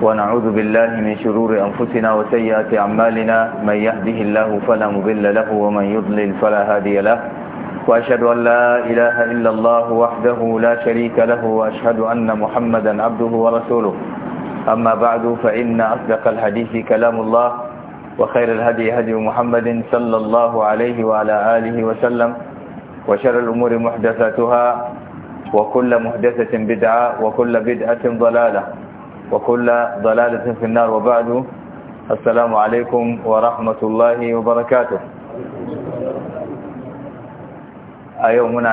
ونعوذ بالله من شرور أنفسنا وسيئات أعمالنا من يهده الله فلا مضل له ومن يضلل فلا هادي له وأشهد أن لا إله إلا الله وحده لا شريك له وأشهد أن محمدا عبده ورسوله أما بعد فإن أصدق الحديث كلام الله وخير الهدي هدي محمد صلى الله عليه وعلى آله وسلم وشر الأمور محدثاتها وكل محدثة بدعة وكل بدعة ضلالة وكل ضلالة في النار وبعد السلام عليكم ورحمة الله وبركاته أيومنا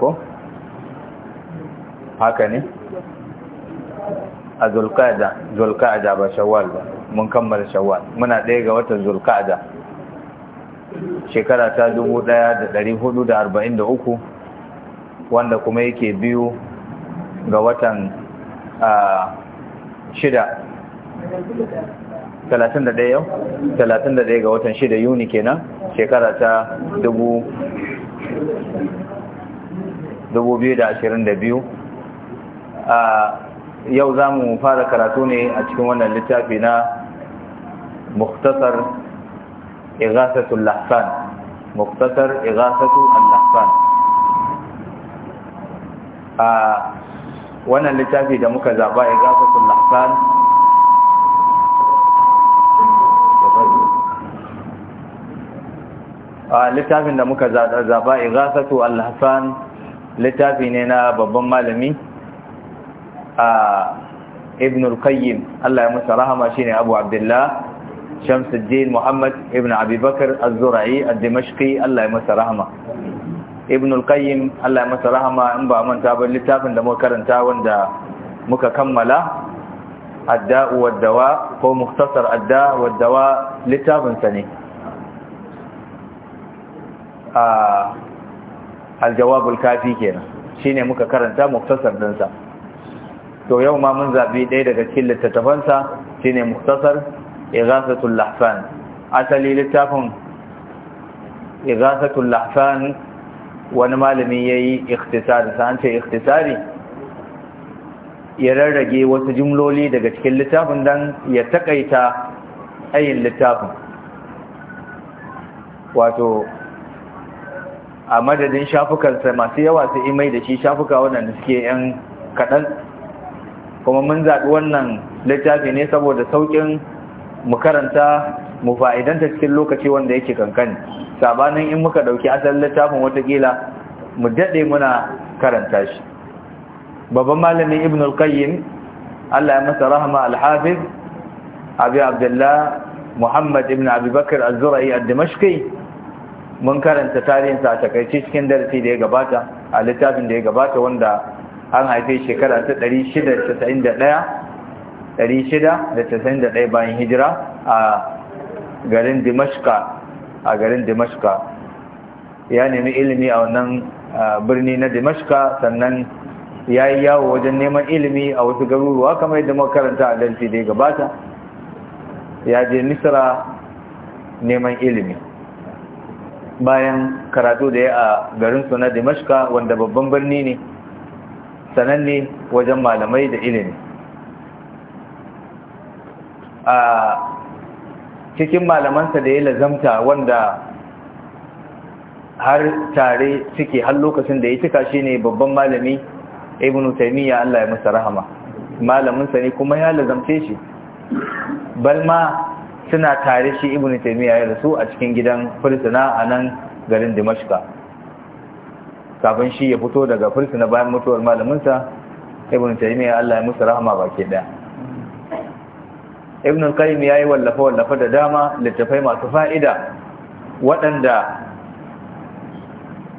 ko, haka هكذا a zulkada zulkada ba shawwal ba mun kammala shawwal muna ɗaya ga watan zulkada shekara ta dubu ɗaya da da da arba'in da uku, wanda kuma yake biyu ga watan shida talatin da ɗaya yau talatin da ɗaya ga watan shida yuni kenan shekara ta dubu dubu biyu da ashirin da biyu a yau za mu fara karatu ne a cikin wannan littafi na muktasar igasatul lahsan muktasar Igasatu lahsan a wannan littafi da muka zaba ya gafa sullahsan a littafin da muka zaba ighasatu al-hasan littafi ne na babban malami a ibn al-qayyim Allah ya masa rahama shine Abu Abdullah Shamsuddin Muhammad ibn Abi Bakr az-Zura'i ad-Dimashqi Allah ya masa rahama ibn al-qayyim Allah ya masa rahama in ba manta ba littafin da muka karanta wanda muka kammala adda'u wad-dawa ko mukhtasar adda'u wad-dawa littafin sa ne a al-jawab al-kafi kenan shine muka karanta mukhtasar din sa to yau ma mun zabi dai daga cikin littafin sa shine mukhtasar ighasatul lahfan asali littafin ighasatul lahfan wani malami ya yi ikhtisari sa an ce ya rarrage wasu jimloli daga cikin littafin don ya takaita ayin littafin wato a madadin shafukarsa masu yawa su imai da shi shafuka waɗanda suke yan kaɗan kuma mun zaɓi wannan littafi ne saboda sauƙin mu karanta mu fa'idanta cikin lokaci wanda yake kankani sabanin in muka dauki asalin littafin watakila mu dade muna karanta shi babban malami ibn al-qayyim Allah ya masa Rahma, al-hafiz abi abdullah muhammad ibn abi bakr az-zura'i ad-dimashqi mun karanta tarihinsa a takaice cikin darasi da ya gabata a littafin da ya gabata wanda an haife shekara ta 691 691 bayan hijira a garin dimashka a garin dimashka ya nemi ilimi a wannan birni na dimashka sannan ya yi yawo wajen neman ilimi a wasu garuruwa kamar yadda makaranta a dalfi da gabata ya je misra neman ilimi bayan karatu da ya a garinsu na dimashka wanda babban birni ne sananne wajen malamai da ilimi a cikin malamansa da ya lazamta wanda har tare suke har lokacin da ya cika shi ne babban malami ibn taimiyya Allah ya masa rahama malaminsa ne kuma ya lazamce shi balma suna tare shi ibn taimiyya ya rasu a cikin gidan fursuna a nan garin dimashka kafin shi ya fito daga fursuna bayan mutuwar malaminsa ibn taimiyya Allah ya masa rahama baki daya ibn al-qayyim yayi wallafa wallafa da dama littafai masu fa'ida waɗanda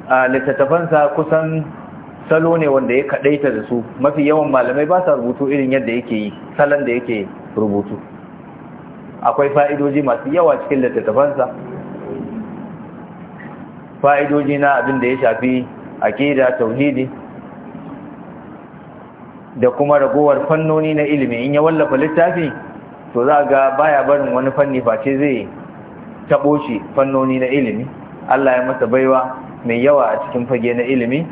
a kusan salo ne wanda ya kadaita da su mafi yawan malamai ba sa rubutu irin yadda yake yi salon da yake rubutu akwai fa'idoji masu yawa cikin littattafansa fa'idoji na abin da ya shafi akida tauhidi da kuma ragowar fannoni na ilimi in ya wallafa littafi to za ga baya barin wani fanni face zai tabo shi fannoni na ilimi Allah ya masa baiwa mai yawa a cikin fage na ilimi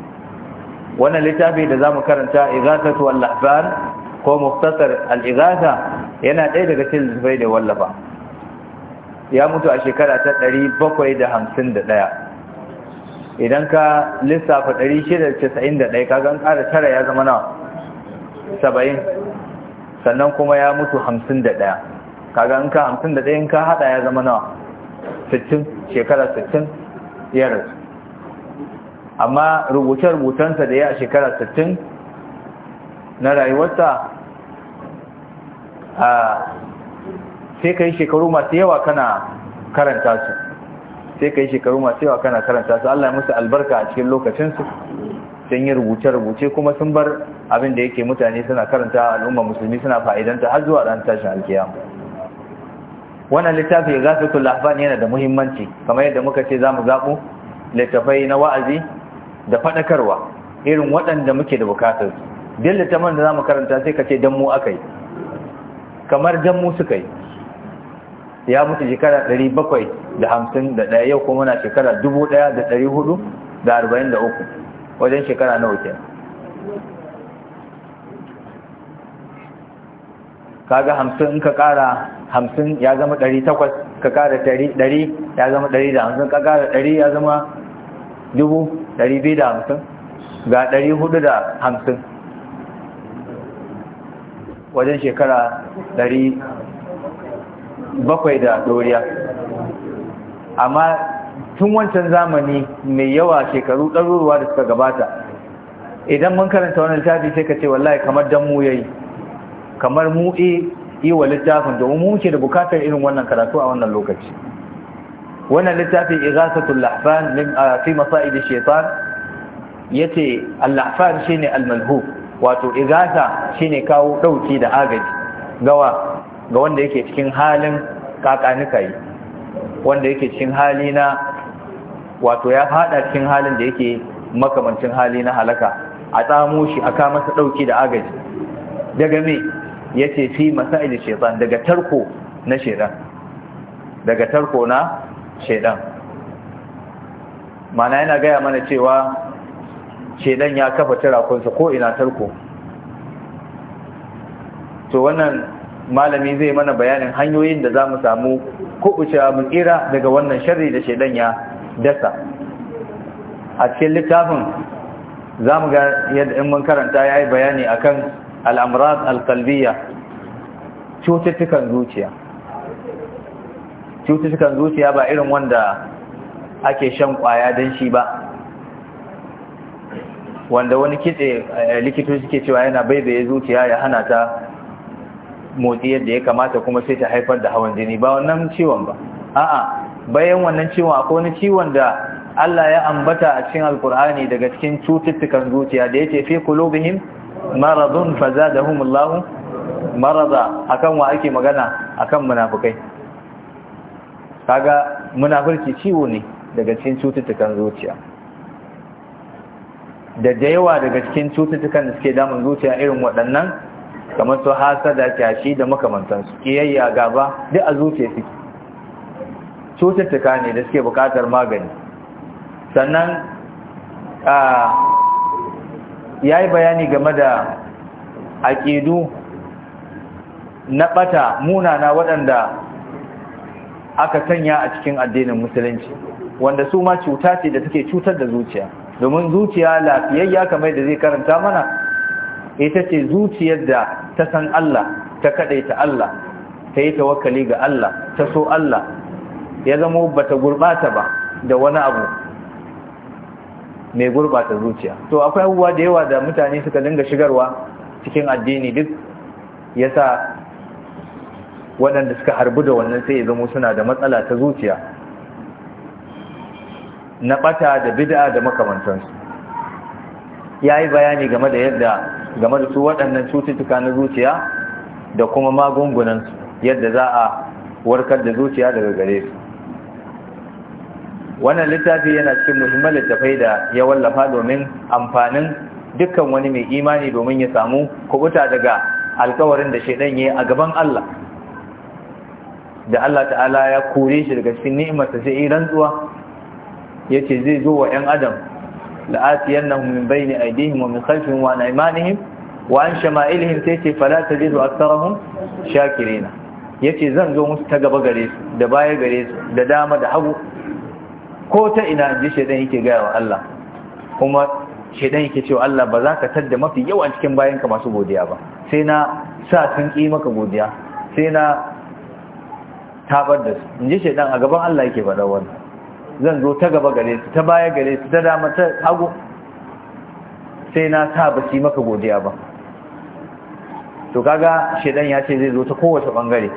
wannan littafi da zamu karanta izatatu wal ahbar ko muftasar al ighatha yana ɗaya daga cikin littafai da wallafa ya mutu a shekara ta 751 idan ka lissafa 691 kaga an ƙara tara ya zama nawa 70 sannan kuma ya mutu hamsin da ɗaya kaga in ka hamsin da ɗaya in ka haɗa ya zama nawa sittin shekara sittin ya rasu amma rubuce-rubucensa da ya a shekara sittin na rayuwarsa sai ka yi shekaru masu yawa kana karanta su sai ka yi shekaru masu yawa kana karanta su Allah ya musu albarka a cikin lokacinsu sun yi rubuce-rubuce kuma sun bar abin da yake mutane suna karanta al'ummar musulmi suna fa'idanta har zuwa ran tashin alkiyama wannan littafi ya zafi tulafan yana da muhimmanci kamar yadda muka ce za mu zaɓu littafai na wa'azi da faɗakarwa irin waɗanda muke da bukatar duk littafin da za mu karanta sai ka ce don mu aka yi kamar don mu suka yi ya mutu shekara ɗari yau kuma na shekara dubu ɗaya da da da uku. wajen shekara nawa kenan kaga hamsin in ka kara hamsin ya zama ɗari takwas ka kara ɗari ya zama ɗari da hamsin ka kara ɗari ya zama dubu ɗari biyu da hamsin ga ɗari hudu da hamsin wajen shekara ɗari bakwai da doriya amma tun wancan zamani mai yawa shekaru ɗaruruwa da suka gabata idan mun karanta wani littafi sai ka ce wallahi kamar dan mu yayi kamar mu yi wa littafin domin mu muke da bukatar irin wannan karatu a wannan lokaci wannan littafi igasatul lahfan min fi masaid ash-shaytan yace al-lahfan shine al malhu wato igasa shine kawo dauki da agaji gawa ga wanda yake cikin halin kakanikai wanda yake cikin hali na wato ya fada cikin halin da yake makamancin hali na halaka a tsamo shi a masa dauki da agaji daga me yace fi masa'ili shaytan daga tarko na shaytan daga tarko na shaytan mana yana gaya mana cewa shaytan ya kafa tirakunsa ko ina tarko to wannan malami zai mana bayanin hanyoyin da za mu samu kubucewa mu tsira daga wannan sharri da shaidan ya dasa a cikin littafin za mu ga yadda in mun karanta ya yi bayani a kan al'amurad alkalbiya cututtukan zuciya cututtukan zuciya ba irin wanda ake shan kwaya don shi ba wanda wani kitse eh, likito ke cewa yana baibaye zuciya ya hana ta motsi yadda ya kamata kuma sai ta haifar da hawan jini ba wannan ciwon ba a'a bayan wannan ciwon akwai wani ciwon da Allah ya ambata a cikin alkur'ani daga cikin cututtukan zuciya da yake fi qulubihim maradun fazadahumullahu marada akan wa ake magana akan munafikai kaga munafirci ciwo ne daga cikin cututtukan zuciya da da daga cikin cututtukan da suke damun zuciya irin waɗannan kamar su hasada kyashi da makamantansu kiyayya gaba duk a zuciya suke cututtuka ne da suke bukatar magani sannan ya yi bayani game da aƙidu na ɓata munana waɗanda aka sanya a cikin addinin musulunci wanda su ma cuta ce da suke cutar da zuciya domin zuciya lafiyayya kamar da zai karanta mana ita ce zuciyar da ta san Allah ta kaɗaita Allah ta yi tawakkali ga Allah ta so Allah ya zama bata gurbata ba da wani abu mai gurbata zuciya to akwai abubuwa da yawa da mutane suka dinga shigarwa cikin addini duk yasa waɗanda suka harbu da wannan sai ya zama suna da matsala ta zuciya na ɓata da bid'a da makamantansu ya yi bayani game da yadda game da su waɗannan cututtuka na zuciya da kuma magungunansu yadda za a warkar da zuciya daga gare su wannan littafi yana cikin muhimman littafai da ya wallafa domin amfanin dukkan wani mai imani domin ya samu kubuta daga alkawarin da shaidan ya a gaban Allah da Allah ta'ala ya kore shi daga cikin ni'imarsa sai yi rantsuwa yace zai zo wa 'yan adam la'atiyannahum min bayni aydihim wa min khalfihim wa an aymanihim wa an shama'ilihim sai ce fala tajidu aktharahum shakirina yace zan zo musu ta gaba gare su da baya gare su da dama da hagu ko ta ina ji shaidan yake gaya wa Allah kuma shaidan yake cewa Allah ba za ka tadda mafi yawan cikin bayanka masu godiya ba sai na sa sun ƙi maka godiya sai na tabar da su in ji shaidan a gaban Allah yake faɗa wannan zan zo ta gaba gare su ta baya gare su ta dama ta hagu sai na sa ba su maka godiya ba to kaga shaidan ya ce zai zo ta kowace bangare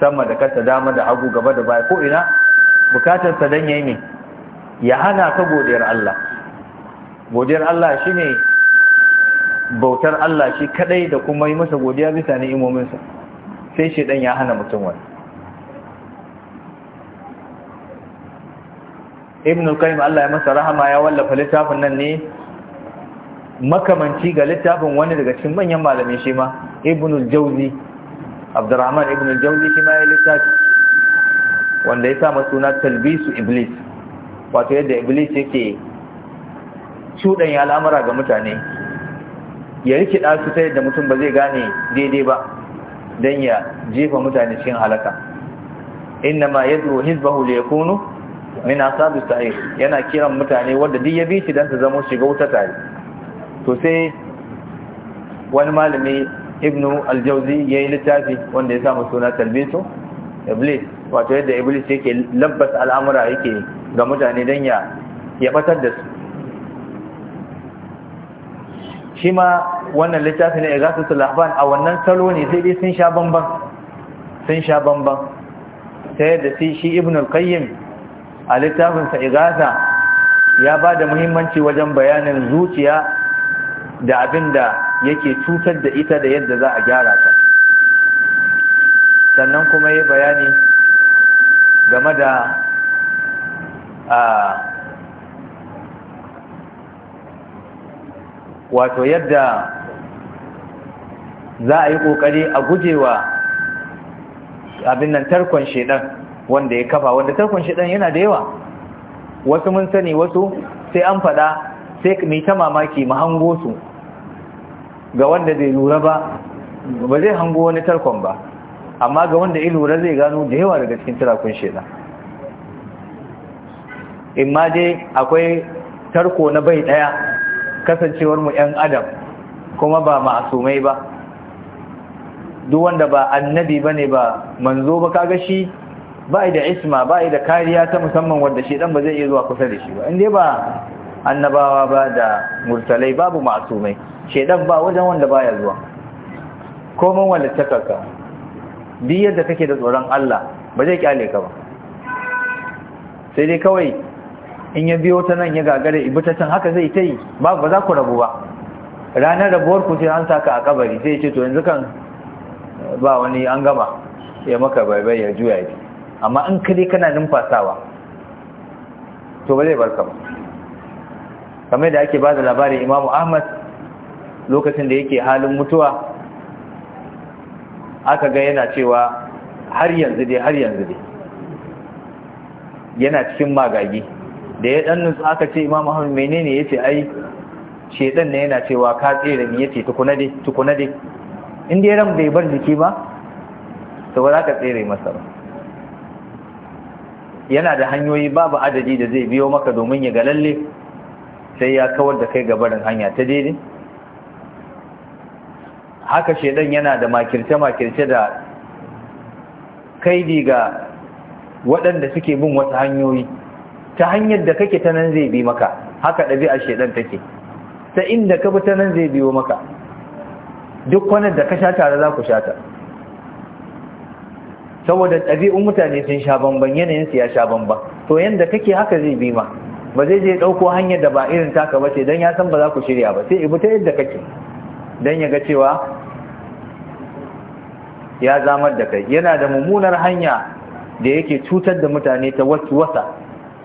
sama da kasa dama da hagu gaba da baya ko ina bukatarsa don ya yi ne ya hana ka godiyar Allah godiyar Allah shi ne bautar Allah shi kadai da kuma yi masa godiya bisa sa sai shi dan ya hana mutum wani ibn al-qayyim Allah ya masa rahama ya wallafa littafin nan ne makamanci ga littafin wani daga cikin manyan malamai shi ma ibn al-jawzi abdurrahman ibn al-jawzi shi ya littafi wanda ya sama suna talbisu iblis wato yadda iblis yake ya al'amura ga mutane ya rikiɗa su ta yadda mutum ba zai gane daidai ba don ya jefa mutane cikin halaka inna ma yadda hizbahu da ya kunu min sabu sa'ir yana kiran mutane wadda duk ya bi shi don ta zama shiga wuta tare to sai wani malami ibnu aljauzi ya yi littafi wanda ya samu suna talbisu iblis wato yadda iblis yake labbas al'amura yake ga mutane don ya fatar batar da su shi ma wannan littafi na su a wannan salo ne sai dai sun sha bamban sun sha bamban ta yadda sai shi ibn al-qayyim a littafinsa igasa ya ba da muhimmanci wajen bayanin zuciya da abin da yake cutar da ita da yadda za a gyara ta sannan kuma ya bayani game da wato yadda za a yi ƙoƙari a gujewa abin nan tarkon shedan wanda ya kafa wanda tarkon shedan yana da yawa wasu mun sani wasu sai an faɗa sai mai ta mamaki mu hango su ga wanda bai lura ba ba zai hango wani tarkon ba amma ga wanda ya lura zai gano da yawa daga cikin turakun sheda, in ma dai akwai tarko na bai daya kasancewar mu yan adam kuma ba ma'asumai ba duk wanda ba annabi bane ba manzo ba kaga shi ba da isma ba da kariya ta musamman wanda shi ba zai iya zuwa kusa da shi ba inde ba annabawa ba da murtalai babu ma'asumai shedan ba wajen wanda baya zuwa komai wanda takaka duk yadda kake da tsoron Allah ba zai kyale ka ba sai dai kawai in ya biyo ta nan ya gagare ibi ta can haka zai ta yi ba ba za ku rabu ba ranar rabuwar ku sai an saka a kabari sai ce to yanzu kan ba wani an gama ya maka baibai ya juya ya amma in ka kana numfasawa to ba zai barka ba kamar da ake ba da labarin imamu ahmad lokacin da yake halin mutuwa aka ga yana cewa har yanzu dai har yanzu dai yana cikin magagi da ya dan nutsu aka ce imam ahmad menene yace ai shedan ne yana cewa ka tsere ni yace tukuna dai tukuna dai in dai ran bai bar jiki ba to ba za ka tsere masa ba yana da hanyoyi babu adadi da zai biyo maka domin ya ga lalle sai ya kawar da kai gabarin hanya ta daidai haka shedan yana da makirce-makirce da kaidi ga waɗanda suke bin wasu hanyoyi ta hanyar da kake ta nan zai bi maka haka a shedan take ta inda ka bi ta nan zai biyo maka duk wani da ka sha tare za ku sha ta saboda ɗabi'un mutane sun sha bamban yanayinsu ya sha bamban to yadda kake haka zai bi ma ba zai je ɗauko hanyar da ba irin taka ba ce don ya san ba za ku shirya ba sai ibu ta yadda kake don ya ga cewa ya zamar da kai yana da mummunar hanya da yake cutar da mutane ta wasu wasa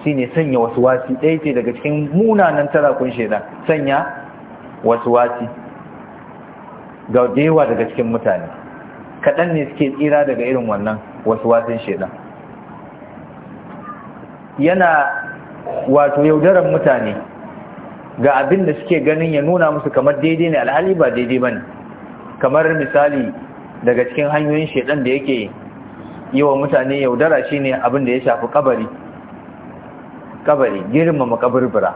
shi ne sanya wasu wasi ɗaya ce daga cikin munanan tarakun shaidan sanya wasu wasi ga dewa daga cikin mutane kaɗan ne suke tsira daga irin wannan wasu wasin shaidan yana wato yaudarar mutane ga abin da suke ganin ya nuna musu kamar daidai ne alhali ba daidai ba ne kamar misali daga cikin hanyoyin shaidan da yake yi wa mutane yaudara shi ne abin da ya shafi kabari kabari girmama kaburbura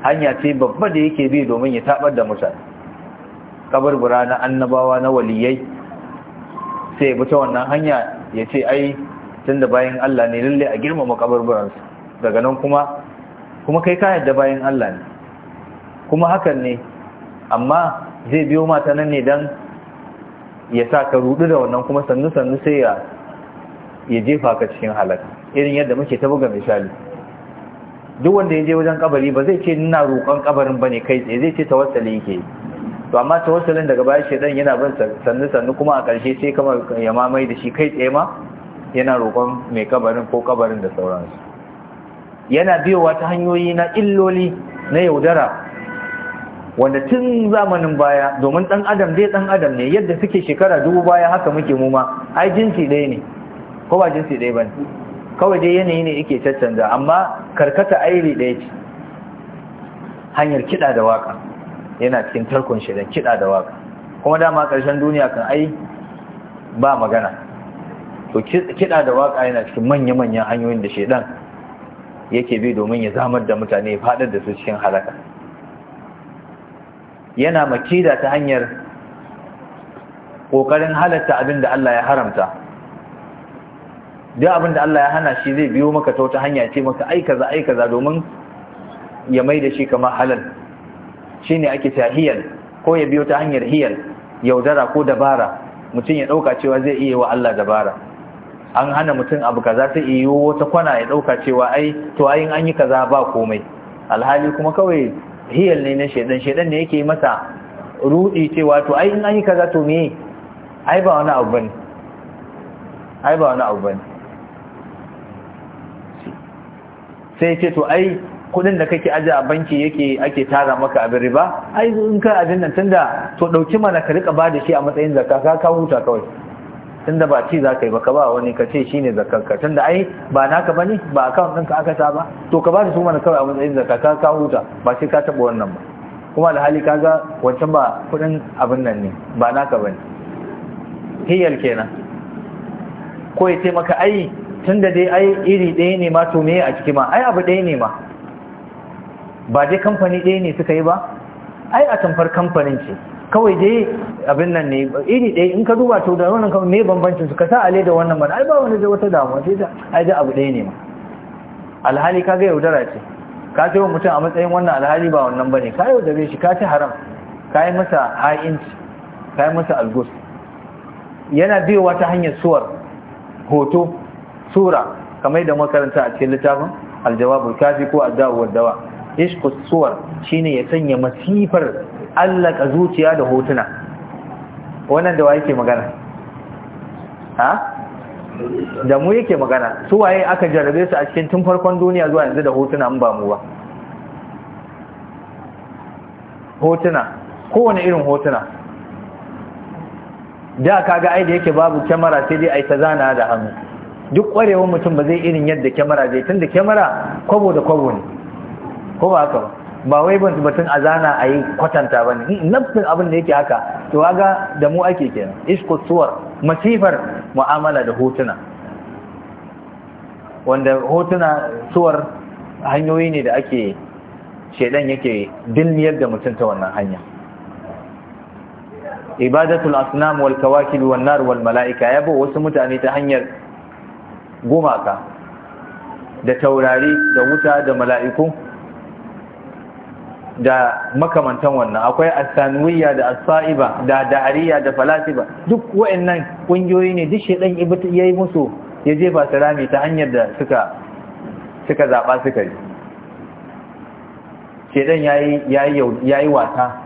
hanya ce babba da yake bi domin ya tabar da musa kaburbura na annabawa na waliyai sai bi ta wannan hanya ya ce ai tunda bayan Allah ne lalle a girmama kaburburansu daga nan kuma kuma kai kayar da bayan Allah ne kuma hakan ne amma zai biyo mata nan ne don ya sa ka rudu da wannan kuma sannu-sannu sai ya jefa ka cikin halaka irin yadda muke ta buga misali duk wanda ya je wajen kabari ba zai ce nuna roƙon kabarin ba ne kai tsaye zai ce tawassali yake to amma tawassalin daga baya shedan yana bin sannu-sannu kuma a ƙarshe sai kamar ya mamaye da shi kai tsaye ma yana roƙon mai kabarin ko kabarin da sauransu yana biyowa ta hanyoyi na illoli na yaudara wanda tun zamanin baya domin ɗan adam dai dan adam ne yadda suke shekara dubu baya haka muke muma, ma ai jinsi ɗaya ne ko ba jinsi ɗaya bane kawai dai yanayi ne yake caccanza amma karkata airi ɗaya ce hanyar kiɗa da waka yana cikin tarkon shirin kiɗa da waka kuma dama ƙarshen duniya kan ai ba magana to kiɗa da waka yana cikin manya-manyan hanyoyin da shedan yake bi domin ya zamar da mutane ya faɗar da su cikin halaka yana makida ta hanyar ƙoƙarin halatta abin da Allah ya haramta duk abin da Allah ya hana shi zai biyo maka ta wata hanya ce maka aikaza aikaza domin ya mai da shi kama halal shi ne ake ta hiyal ko ya biyo ta hanyar hiyal yaudara ko dabara mutum ya ɗauka cewa zai iya wa Allah dabara an hana mutum abu kaza sai iyo wata kwana ya ɗauka cewa ai to ayin an yi kaza ba komai alhali kuma kawai hiyal ne na shedan shedan ne yake masa rudi cewa to ai in kaza to me ai ba wani abu bane ai ba wani abu bane sai ce to ai kudin da kake aje a banki yake ake tara maka abin riba ai in ka abin nan tunda to dauki mana ka rika ba da shi a matsayin zakka ka ka huta kawai tunda ba ci za ka yi ba ka ba wani ka ce shi ne zakarka tunda ai ba naka ba ne ba kawon ɗinka aka sa ba to ka ba da su mana kawai a matsayin zakka ka ka huta ba sai ka taɓa wannan ba kuma hali ka ga wancan ba kuɗin abin nan ne ba naka ba ne hiyar kenan ko ya ce maka ai tunda dai ai iri ɗaya ne ma to me a ciki ma ai abu ɗaya ne ma ba dai kamfani ɗaya ne suka yi ba ai a tamfar kamfanin ce kawai dai abin nan ne iri ɗaya in ka duba to da wannan kawai me bambancin su ka sa ale da wannan mana ai ba wani da wata damuwa sai da ai da abu ɗaya ne ma alhali ka ga yaudara ce ka ce wani mutum a matsayin wannan alhali ba wannan ba ne. ka yaudare shi ka ci haram ka yi masa ha'inci ka yi masa algus yana biyo wata hanyar suwar hoto sura kamar da makaranta a cikin littafin aljawabul kafi ko addawar dawa Ishku suwar shine ya sanya masifar allaka zuciya da hotuna wannan da wa yake magana ha da mu yake magana su waye aka jarabe su a cikin tun farkon duniya zuwa yanzu da hotuna an ba mu ba hotuna kowane irin hotuna da kaga ai da yake babu kyamara sai dai ai ta zana da hannu duk kwarewar mutum ba zai irin yadda kyamara zai tunda kyamara kwabo da kwabo ne ko ba haka ba ba wai ban batun azana a yi kwatanta ba ne nafsin abin da yake haka to ga da mu ake kenan Isko suwar masifar mu'amala da hotuna wanda hotuna suwar hanyoyi ne da ake shaidan yake dilmiyar da mutum ta wannan hanya ibadatul asnam wal kawakib wan nar wal malaika yabo wasu mutane ta hanyar gumaka da taurari da wuta da mala'iku da makamantan wannan akwai asanuwiya da asa'iba da da'ariya da falasifa duk wa'annan kungiyoyi ne duk shedan ya yi musu ya jefa ba rami ta hanyar da suka suka zaba suka yi shedan yayi yayi yayi wata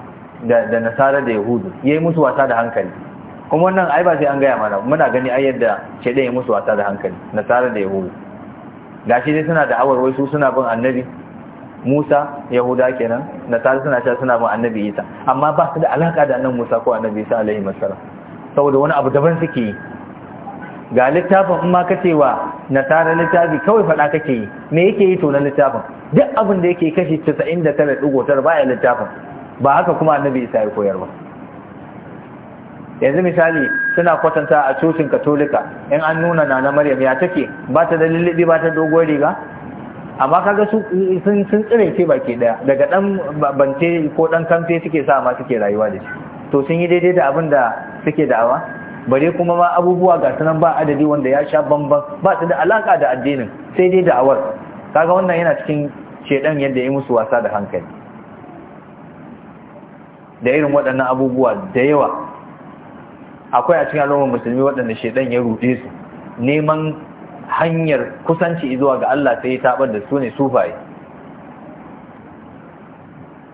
da da nasara da yahudu yayi musu wata da hankali kuma wannan ai ba sai an gaya mana muna gani ai yadda shedan ya musu wata da hankali nasara da yahudu gashi dai suna da awar wai su suna bin annabi Musa Yahuda kenan na nasara suna sha suna bin annabi Isa amma ba su da alaka da nan Musa ko annabi Isa alaihi wasallam saboda wani abu daban suke yi ga littafin in ma kace wa nasara littafi kawai faɗa kake yi me yake yi to na littafin duk abin da yake kashi 99.9 baya littafin ba haka kuma annabi Isa ya koyar ba yanzu misali suna kwatanta a cocin katolika in an nuna na na maryam ya take ba ta da lullubi ba ta dogon riga amma kaga su sun sun tsire ce baki daya daga dan bance ko dan kamfe suke sa ma suke rayuwa da shi to sun yi daidai da abin da suke da'awa bare kuma ma abubuwa ga sunan ba adadi wanda ya sha bamban ba su da alaka da addinin sai dai da'awar kaga wannan yana cikin shedan yadda ya musu wasa da hankali da irin waɗannan abubuwa da yawa akwai a cikin al'ummar musulmi waɗanda shedan ya rude su neman hanyar kusanci zuwa ga Allah sai tabar da su ne sufaye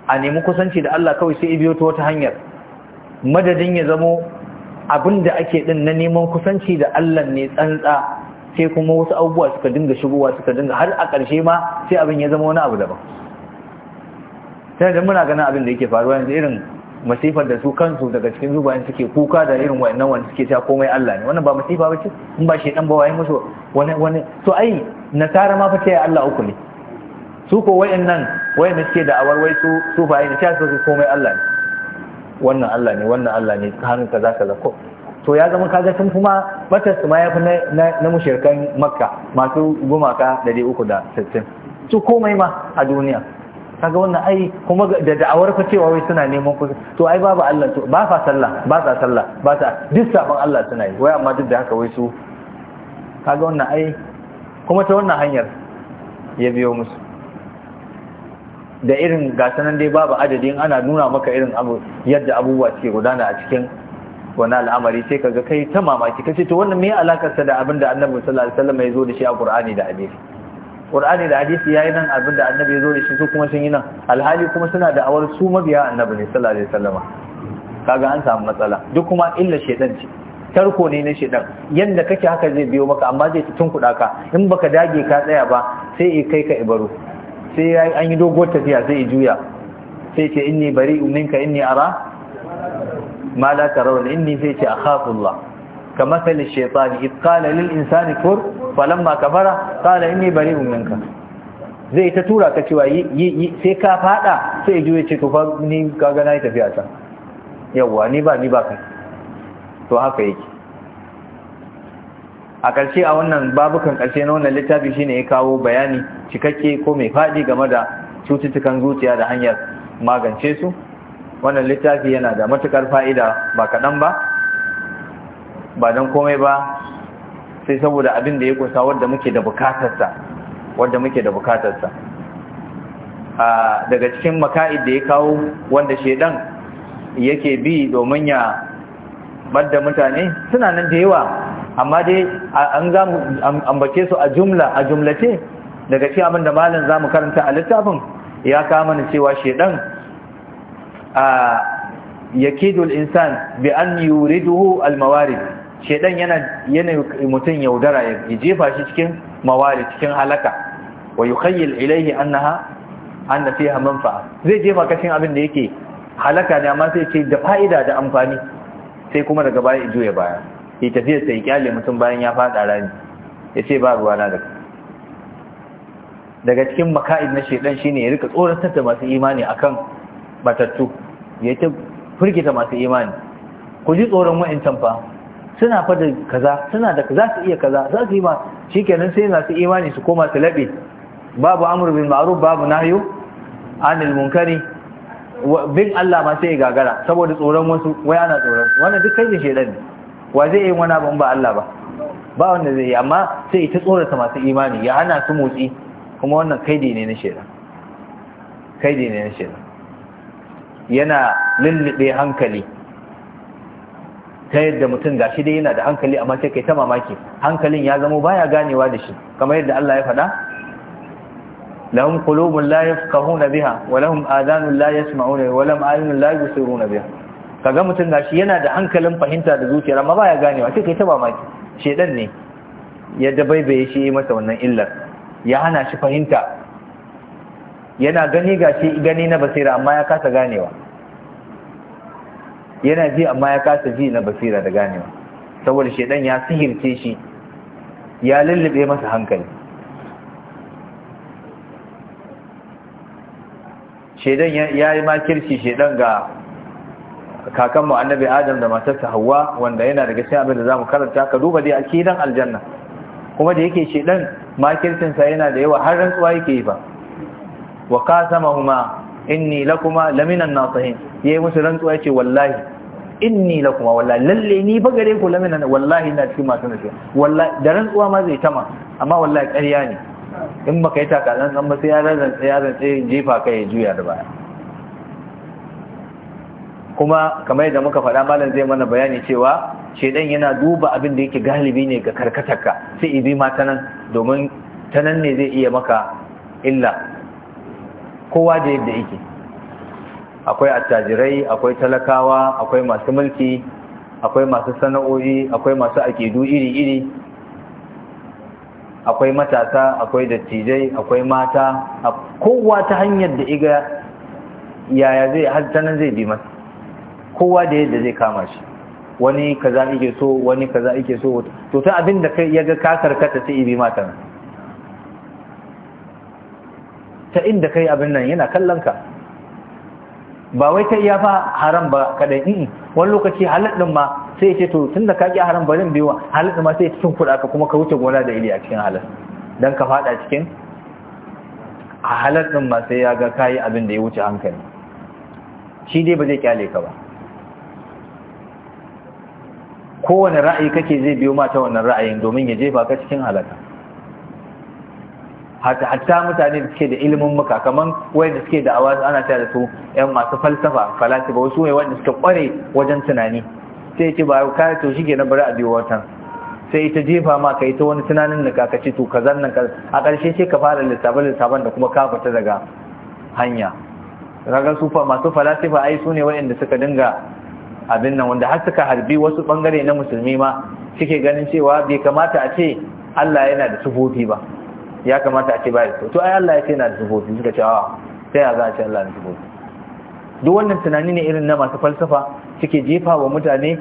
a nemi kusanci da Allah kawai sai biyo ta wata hanyar madadin ya zamo abinda ake din na neman kusanci da Allah ne tsantsa sai kuma wasu abubuwa suka dinga shigowa suka dinga har a ƙarshe ma sai abin ya zama wani abu daban sai da muna ganin abin da yake faruwa yanzu irin masifar da su kansu daga cikin zubayen suke kuka da irin nan wanda suke cewa komai Allah ne wannan ba masifa bace in ba shedan ba wayin musu wani wani to ai nasara ma fa ya Allah uku ne su ko wayannan wayanda suke da awarwai su su ba yin cewa su komai Allah ne wannan Allah ne wannan Allah ne hannun za ka zako to ya zama kaga sun kuma batar su ma ya na na mushrikan Makka masu gumaka 360 su komai ma a duniya kaga wannan ai kuma da da'awar fa cewa wai suna neman kuɗi to ai babu Allah to ba fa sallah ba sa sallah ba ta duk sabon Allah suna yi wai amma duk da haka wai su kaga wannan ai kuma ta wannan hanyar ya biyo musu da irin gasanan dai babu adadin ana nuna maka irin abu yadda abubuwa suke gudana a cikin wani al'amari sai kaga kai ta mamaki kace to wannan me alakarsa da abin da Annabi sallallahu alaihi wasallam ya zo da shi a Qur'ani da hadisi qur'ani da hadisi yayin nan abin da annabi ya zo da shi su kuma sun yi nan alhali kuma suna da awar su mabiya annabi ne sallallahu alaihi wasallam kaga an samu matsala duk kuma illa shedan ce tarko ne na shedan yanda kake haka zai biyo maka amma zai ci tunkuɗa ka in baka dage ka tsaya ba sai i kai ka ibaro sai an yi dogon tafiya sai i juya sai ce inni bari'u minka inni ara ma la tarawun inni sai ce akhafullah kama sai shaytan id qala lil insani kur falamma kafara qala inni bari'un minka zai ta tura ka cewa sai ka fada sai ya juye ce to ni kaga na yi tafiya ta yawwa ni ba ni ba kai to haka yake a ƙarshe a wannan babukan ƙarshe na wannan littafi shine ya kawo bayani cikakke ko mai faɗi game da cututtukan zuciya da hanyar magance su wannan littafi yana da matukar fa'ida ba kaɗan ba ba don komai ba sai saboda abin da ya kusa wanda muke da bukatarsa wanda muke da bukatarsa a daga cikin maka'id da ya kawo wanda shedan yake bi domin ya badda mutane suna nan da yawa amma dai an zamu ambace su a jumla a jumlace daga cikin abin da malam zamu karanta a littafin ya kama ni cewa shedan a yakidul insan bi an yuriduhu al mawarid shedan yana yana mutum yaudara ya jefa shi cikin mawali cikin halaka wa yukhayyil ilayhi annaha anna fiha manfa'a zai jefa kashin abin da yake halaka ne amma sai ce da fa'ida da amfani sai kuma daga baya ijo ya baya sai tafiyar sai kyale mutum bayan ya fada rani ya ce ba ruwa na daga daga cikin maka'id na shedan shine ya rika tsoratar da masu imani akan batattu ya ta firgita masu imani ku ji tsoron wa'incan fa suna fa da kaza suna da za su iya kaza za su yi ma shikenan sai masu imani su koma su labe babu amur bin ma'ruf babu nahyu anil munkari bin Allah ma sai gagara saboda tsoron wasu wai ana tsoron wannan duk kai da shedan ne wa zai yi wani abin ba Allah ba ba wanda zai yi amma sai ita tsorata masu imani ya hana su motsi kuma wannan da ne na shedan da ne na shedan yana lullube hankali ta yadda mutum ga shi dai yana da hankali amma sai kai ta mamaki hankalin ya zama baya ganewa da shi kamar yadda Allah ya faɗa lahum qulubun la yafqahuna biha wa lahum adhanun la yasma'una wa lahum ayunun la yusiruna biha kaga mutum ga shi yana da hankalin fahimta da zuciya amma baya ganewa sai kai ta mamaki shedan ne ya dabaibaye shi masa wannan illar ya hana shi fahimta yana gani gashi gani na basira amma ya kasa ganewa yana ji amma ya kasa ji na basira da ganewa saboda shedan ya sihirce shi ya lullube masa hankali shedan ya yi makirci shedan ga kakanmu annabi adam da matarsa hawa wanda yana daga cikin abin da za mu karanta ka duba dai a kidan aljanna kuma da yake shedan makircinsa yana da yawa har rantsuwa yake yi ba wa qasamahuma inni lakuma laminan nasihin yayi musu rantsuwa yace wallahi inni lakuma wallahi lalle ni ba gare ku laminan wallahi na cikin masu nasiha wallahi da rantsuwa ma zai tama amma wallahi ƙarya ne in baka yi takalan san ba sai ya rantsa ya rantsa jefa kai ya juya da baya kuma kamar yadda muka faɗa malam zai mana bayani cewa shedan yana duba abin da yake galibi ne ga karkatarka sai ibi ma ta nan domin ta nan ne zai iya maka illa kowa da yadda yake akwai attajirai akwai talakawa akwai masu mulki akwai masu sana'o'i akwai masu akidu iri-iri akwai matasa akwai dattijai akwai mata kowa ta hanyar da iga yaya zai hajjanan zai bi masa kowa da yadda zai kama shi wani kaza ike so wani kaza ike so to ta abin da ya ga ka karkata sai ibi matan ta inda kai abin nan yana kallon ka ba wai ta iya fa haram ba kadai in wani lokaci halal ma sai ce to tunda ka ki haram ba zan biyo halal ma sai cikin kuɗa ka kuma ka wuce gona da iri a cikin halal dan ka fada cikin a halal ma sai ya ga kai abin da ya wuce hankali shi dai ba zai kyale ka ba kowane ra'ayi kake zai biyo ma wannan ra'ayin domin ya jefa ka cikin halaka hatta mutane da suke da ilimin muka kaman wanda suke da awa ana tare da su yan masu falsafa falasifa wasu ne wanda suka kware wajen tunani sai ya ce ba ka to ke na bari a biyo watan sai ta jefa ma ka yi ta wani tunanin da ka ce to kazan ka a ƙarshe sai ka fara lissafin lissafin da kuma ka fita daga hanya ragar fa masu falasifa ai su ne waɗanda suka dinga abin nan wanda har suka harbi wasu bangare na musulmi ma suke ganin cewa bai kamata a ce Allah yana da sufofi ba ya kamata a ce ba da to ai Allah ya ce na da suka ce a sai ya za a ce Allah da sifofi duk wannan tunani ne irin na masu falsafa suke jefa wa mutane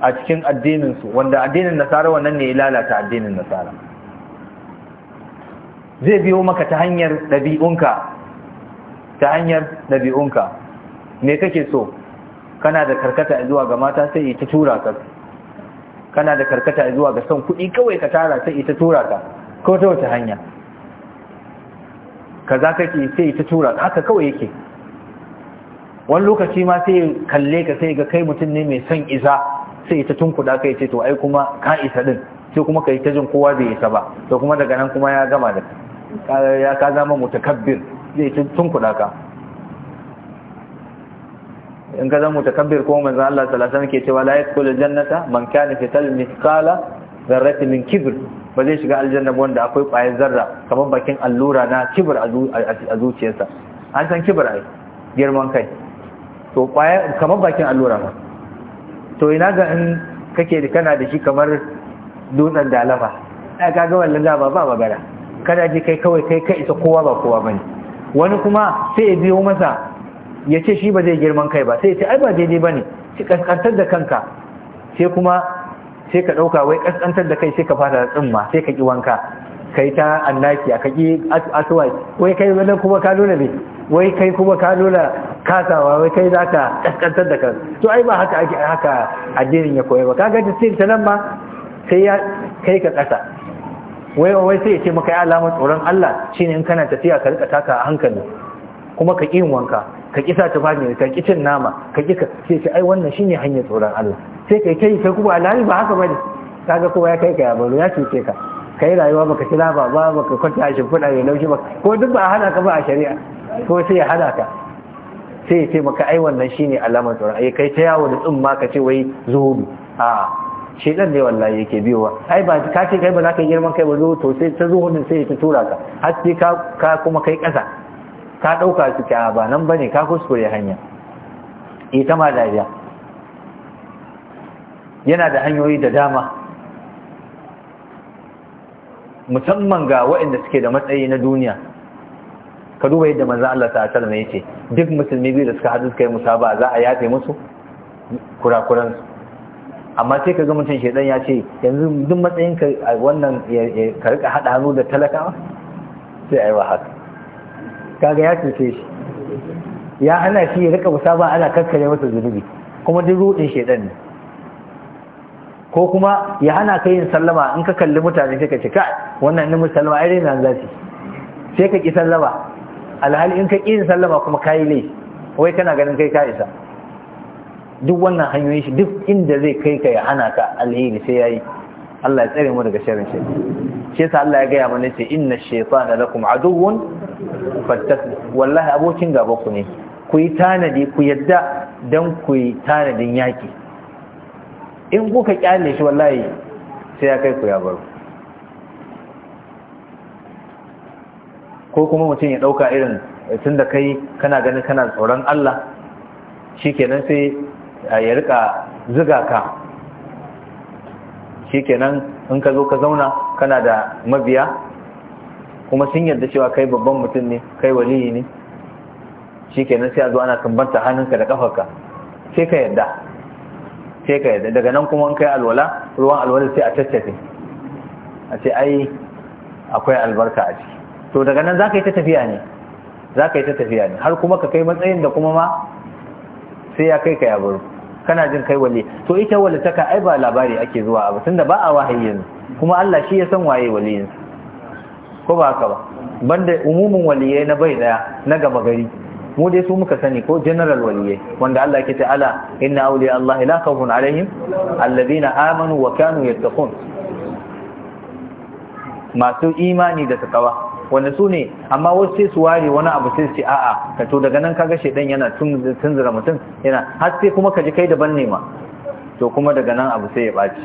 a cikin addininsu wanda addinin nasara wannan ne ya lalata addinin nasara zai biyo maka ta hanyar ɗabi'unka ta hanyar ɗabi'unka me kake so kana da karkata zuwa ga mata sai ita tura ka kana da karkata zuwa ga son kuɗi kawai ka tara sai ita tura ka ko ta wace hanya Ka za ka ce sai ta tura haka kawai yake wani lokaci ma sai kalle ka sai ga kai mutum ne mai son isa sai ta tunkuda kai ce to ai kuma ka isa din sai kuma yi ta jin kowa zai isa ba to kuma daga nan kuma ya gama da ya ka zama mutakabbir zai ta tunkuda ka in ka zama mutakabbir ko manzo Allah sallallahu alaihi wasallam ke cewa la yadkhulu jannata man kana fi tal qala zarratin min kibr ba zai shiga aljanna ba wanda akwai ƙwayar zarra kamar bakin allura na kibir a zuciyarsa an san kibir ai girman kai to ƙwayar kamar bakin allura ba to ina ga in kake da kana da shi kamar dutsen dalaba ai kaga wallan zaba ba ba magana kada ji kai kawai kai kai isa kowa ba kowa bane wani kuma sai ya biyo masa ya ce shi ba zai girman kai ba sai ya ce ai ba daidai bane ki kaskantar da kanka sai kuma sai ka ɗauka wai ƙasƙantar da kai sai ka fata tsimma sai ka ƙi wanka kai ta annaki a kaƙi asuwa wai kai wani kuma ka nuna ne wai kai kuma ka nuna kasawa wai kai za ka ƙasƙantar da kai? to ai ba haka ake haka addinin ya koya ba kaga sai ta nan ma sai ya kai ka ƙasa wai wai sai ya ce maka ya alamar tsoron Allah shine in kana tafiya ka rika taka a hankali kuma ka ƙi wanka ka ƙi sa tufafi ka ƙi cin nama ka ƙi ka sai ce ai wannan shine hanyar tsoron Allah sai kai kai kai kuma alhali ba haka bane kaga kowa ya kai ka ya ya cuce ka kai rayuwa baka kira ba ba baka kwanta a shimfiɗa ya laushi ba ko duk ba a hana ka ba a shari'a ko sai ya hana ka sai ya ce maka ai wannan shine alamar tsoron ai kai ta yawo da tsumma ka ce wai zuhudu a dan ne wallahi yake biyowa ai ba ka ce kai ba za ka girman kai ba zo to sai ta zuhudin sai ta tura ka har sai ka kuma kai ƙasa ka ɗauka su ka ba nan ba ka kuskure hanya ita ma dariya yana da hanyoyi da dama musamman ga waɗanda suke da matsayi na duniya ka duba yadda manzo Allah ta tsara ne yace duk musulmi biyu da suka haɗu suka yi musaba za a yafe musu kurakuransu. amma sai ka ga mutum shedan ya ce yanzu duk matsayin ka wannan ka rika haɗa hannu da talakawa sai ayi wa haka kaga ya cuce shi ya ana shi ya rika musaba ana kakkare masa zunubi kuma duk rudin shaidan ne ko kuma ya hana ka yin sallama in ka kalli mutane sai ka ce kai wannan ni musallama ai rena za sai ka ki sallama alhali in ka ƙi yin sallama kuma kai laifi wai kana ganin kai ka isa duk wannan hanyoyin shi duk inda zai kai ka ya hana ka alheri sai yayi Allah ya tsare mu daga sharrin shi shi yasa Allah ya gaya mana ce inna shaytana lakum aduwwun fattaku wallahi abokin gaba ku ne ku yi tanadi ku yadda dan ku yi tanadin yaki in kuka kyale shi wallahi sai ya kai ku ya baro ko kuma mutum ya dauka irin eh, tunda kai kana ganin kana tsoron Allah shikenan sai eh, ya rika zuga ka shikenan in ka zo ka zauna kana da mabiya kuma sun yarda cewa kai babban mutum ne kai waliyi ne shikenan sai a zo ana tambanta hannunka da kafarka sai ka yarda sai ka yarda daga nan kuma in kai alwala ruwan alwala sai a tattafe a ce ai akwai albarka a ciki to daga nan za ka yi ta tafiya ne za ka yi ta tafiya ne har kuma ka kai matsayin da kuma ma sai ya kai ka ya baro kana jin kai wali to ita wali taka ai ba labari ake zuwa ba da ba a wahayi yanzu kuma Allah shi ya san waye yanzu ko ba haka ba banda umumin waliyai na bai daya na gaba gari mu dai su muka sani ko general waliyai wanda Allah ke ala inna awliya Allah la khawfun alaihim alladhina amanu wa kanu yattaqun masu imani da takawa wanda su ne amma wasu sai su ware wani abu sai su a'a ka to daga nan kaga shedan yana zira mutum yana har sai kuma ka ji kai daban ne ma to kuma daga nan abu sai ya baci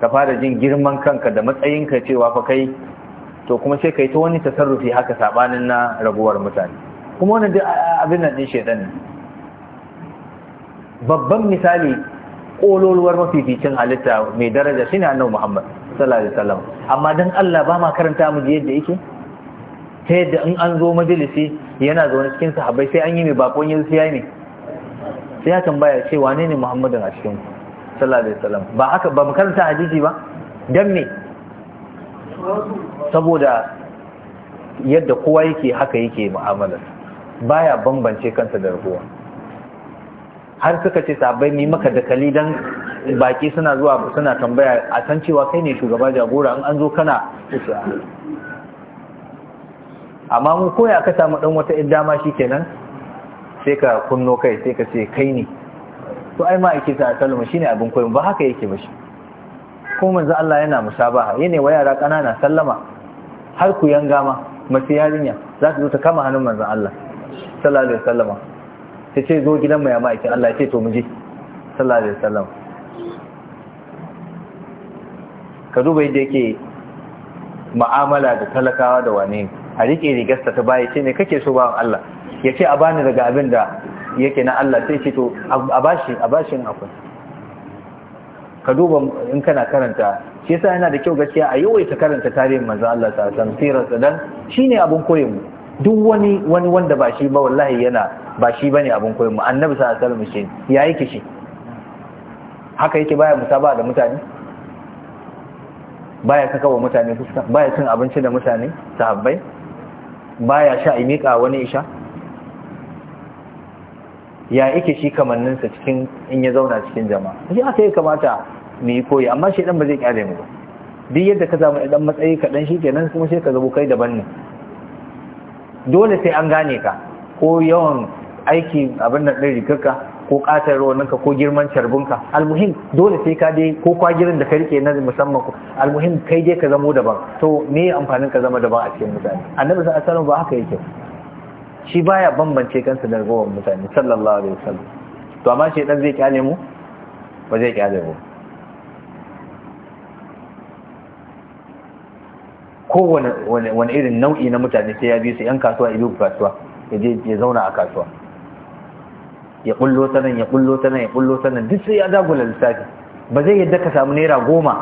ka fara jin girman kanka da matsayinka cewa fa kai to kuma sai kai ta wani tasarrufi haka sabanin na raguwar mutane kuma wannan abin nan din shedan ne babban misali kololuwar mafificin halitta mai daraja shine annabi Muhammad sallallahu alaihi wasallam amma dan Allah ba ma karanta mu yadda yake ta yadda in an zo majalisi yana zaune cikin sahabbai sai an yi mai bakon yin siya ne sai ya tambaya ce wane ne Muhammadin a cikin sallallahu alaihi wasallam ba haka ba mu karanta hadisi ba dan me saboda yadda kowa yake haka yake mu'amala baya bambance kansa da kowa har suka ce sabai mai maka dakali dan baki suna zuwa suna tambaya a san cewa kai ne shugaba jagora in an zo kana wucewa amma mu koya ka samu dan wata dama shikenan sai ka kunno kai sai ka ce kai ne to ai ma ake sa sallama shine abin koyon ba haka yake ba shi ko manzo Allah yana musabaha yene wa yara kanana sallama har ku yanga ma mace yarinya za ta zo ta kama hannun manzo Allah sallallahu alaihi wasallama ta ce zo gidan mai ma ake Allah ya ce to mu je sallallahu alaihi wasallama ka duba yadda yake ma'amala da talakawa da wane a rike rigarsa ta baya ce me kake so bawan Allah ya ce a bani daga abin da yake na Allah sai ce to a bashi a bashin akwai ka duba in kana karanta shi yasa yana da kyau gaskiya a yawaita karanta tarihin manzo Allah ta san sirar sa dan shine abun koyon mu duk wani wani wanda ba shi ba wallahi yana ba shi bane abun koyon mu annabi sallallahu alaihi wasallam shi ya kishi haka yake baya musaba da mutane baya saka wa mutane fuska baya cin abinci da mutane sahabbai baya sha imika wani isha ya yake shi kamanninsa cikin in ya zauna cikin jama'a shi aka yi kamata mu yi koyi amma shi dan ba zai kyale mu ba duk yadda ka zama dan matsayi kaɗan shi kenan kuma sai ka zabo kai daban ne dole sai an gane ka ko yawan aiki abin nan ɗin rikarka ko katar rawaninka ko girman carbinka almuhim dole sai ka dai ko kwagirin da ka rike na musamman ku almuhim kai dai ka zamo daban to me amfanin ka zama daban a cikin mutane annabi sallallahu alaihi ba haka yake shi baya bambance kansa da ragowar mutane sallallahu alaihi wasallam to amma shi dan zai kyale mu ba zai kyale mu ko wani irin nau'i na mutane sai ya bi su yan kasuwa ilu kasuwa ya je ya zauna a kasuwa ya kullo ta nan ya kullo ta nan ya kullo ta nan duk sai ya dagula lissafi ba zai yadda ka samu naira goma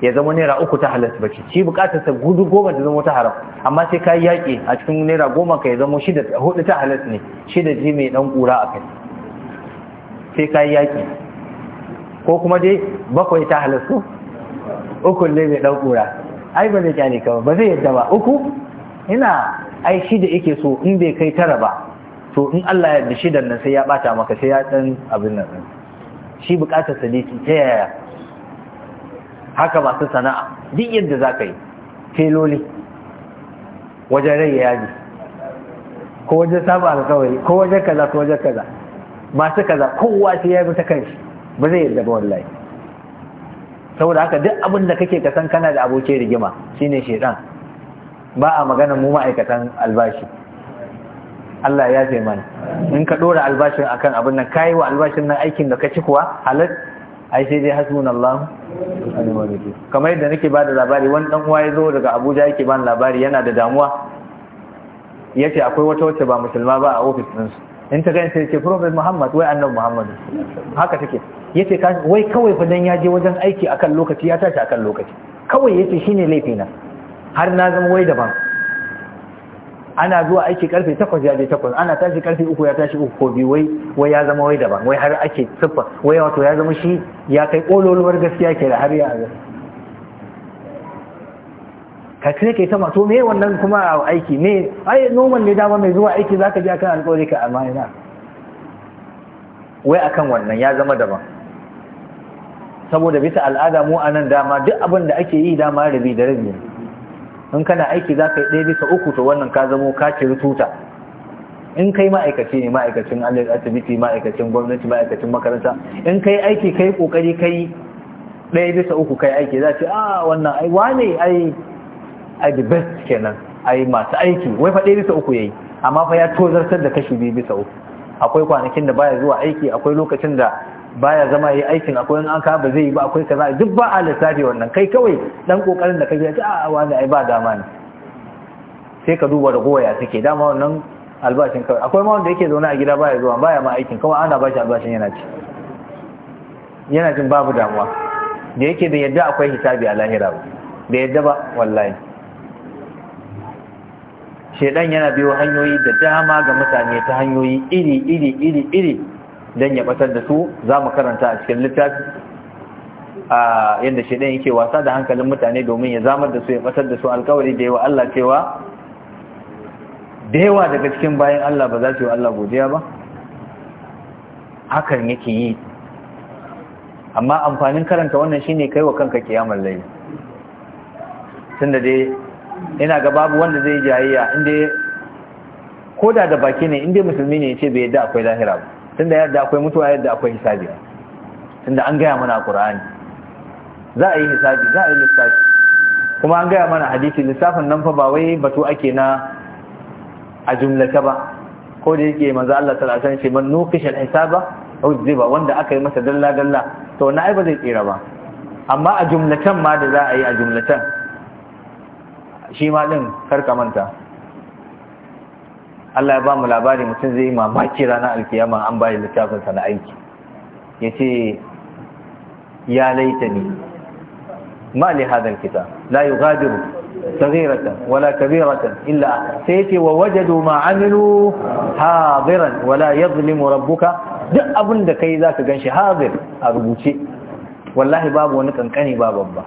ya zama naira uku ta halas ba ce shi bukatar sa gudu goma ta zama ta haram amma sai ka yaƙi a cikin naira goma ka ya zama shida hudu ta halas ne shida ji mai dan kura a kai sai ka yaƙi ko kuma dai bakwai ta halas ko uku ne mai dan kura ai ba zai kyale ka ba zai yadda ba uku ina ai shida yake so in bai kai tara ba to in Allah ya dashi dan nan sai ya bata maka sai ya dan abin nan shi bukatar sa ne ta yaya haka masu sana'a duk yadda za ka yi teloli wajen rai ya yaji ko wajen saba alkawari ko wajen kaza ko wajen kaza masu kaza kowa sai ya bi ta kanshi ba zai yarda ba wallahi saboda haka duk abin da kake kasan kana da abokin rigima shine shedan ba a magana mu ma'aikatan albashi Allah ya yafe mana in ka ɗora albashin a kan abin nan yi wa albashin nan aikin da ka ci kuwa halal ai sai dai hasbunallahu kamar yadda nake bada labari wani ɗan uwa ya zo daga Abuja yake bani labari yana da damuwa Ya ce akwai wata wacce ba musulma ba a ofis ɗinsu. in ta gani sai ce prophet Muhammad wai annabi Muhammad haka take ce wai kawai fa dan ya je wajen aiki akan lokaci ya tashi akan lokaci kawai ya yace shine laifina har na zama wai daban ana zuwa aiki karfe takwas ya je takwas ana tashi karfe uku ya tashi uku ko biyu wai wai ya zama wai daban wai har ake siffa wai wato ya zama shi ya kai ƙololuwar gaskiya ke da har ya ka sai kai sama to me wannan kuma a aiki me ai normal ne dama mai zuwa aiki zaka je akan alƙawari ka amma ina wai akan wannan ya zama daban saboda bisa al'ada mu anan dama duk abin da ake yi dama rabi da rabi ne in kana aiki za ka yi ɗaya bisa uku to wannan ka zamo ka ciri tuta in kai ma'aikaci ne ma'aikacin asibiti ma'aikacin gwamnati ma'aikacin makaranta in kai aiki kai kokari kai ɗaya bisa uku kai aiki za ce a ah, wannan ai wane ai ai the best kenan ai masu aiki wai fa ɗaya bisa uku yayi amma fa ya tozartar da kashi biyu bisa uku akwai kwanakin da baya zuwa aiki akwai lokacin da baya zama yi aikin akwai an ka ba zai yi ba akwai kaza duk ba a lissafi wannan kai kawai dan kokarin da kake ta a ah, wani ai ba dama ne sai ka duba da goya take dama wannan albashin kawai akwai ma wanda yake zaune a gida baya zuwa baya ma aikin kawai ana bashi albashin yana ci yana jin babu damuwa da yake da yadda akwai hisabi a lahira ba da yadda ba wallahi shedan yana biyo hanyoyi da dama ga mutane ta hanyoyi iri iri iri iri dan ya batar da su za mu karanta a cikin littafi a yadda ɗan yake wasa da hankalin mutane domin ya zamar da su ya batar da su alkawari da yawa Allah cewa da yawa daga cikin bayan Allah ba za su yi Allah godiya ba hakan yake yi amma amfanin karanta wannan shine kai wa kanka kiyamar tun tunda dai ina ga babu wanda zai jayayya inda ko da da baki ne inda musulmi ne ya ce bai yadda akwai lahira ba tunda yadda akwai mutuwa yadda akwai hisabi tunda an gaya mana ƙura'ani. za a yi hisabi za a yi lissafi kuma an gaya mana hadithi lissafin nan fa ba wai batu ake na a jumlata ba ko da yake manzo Allah sallallahu alaihi wasallam ce man nuqisha al-hisaba ziba wanda aka yi masa dalla dalla to na ai ba zai tsira ba amma a jumlatan ma da za a yi a jumlatan shi ma din karka manta Allah ya ba mu labari mutum zai yi mamaki ranar alkiyama an bayi littafinsa na aiki ya ce ya laita ni ma li hadal kita la yughadiru saghiratan wala kabiratan illa sai yace wa wajadu ma amilu hadiran wala yadhlimu rabbuka duk abin da kai zaka ganshi hadir a rubuce wallahi babu wani kankani ba babba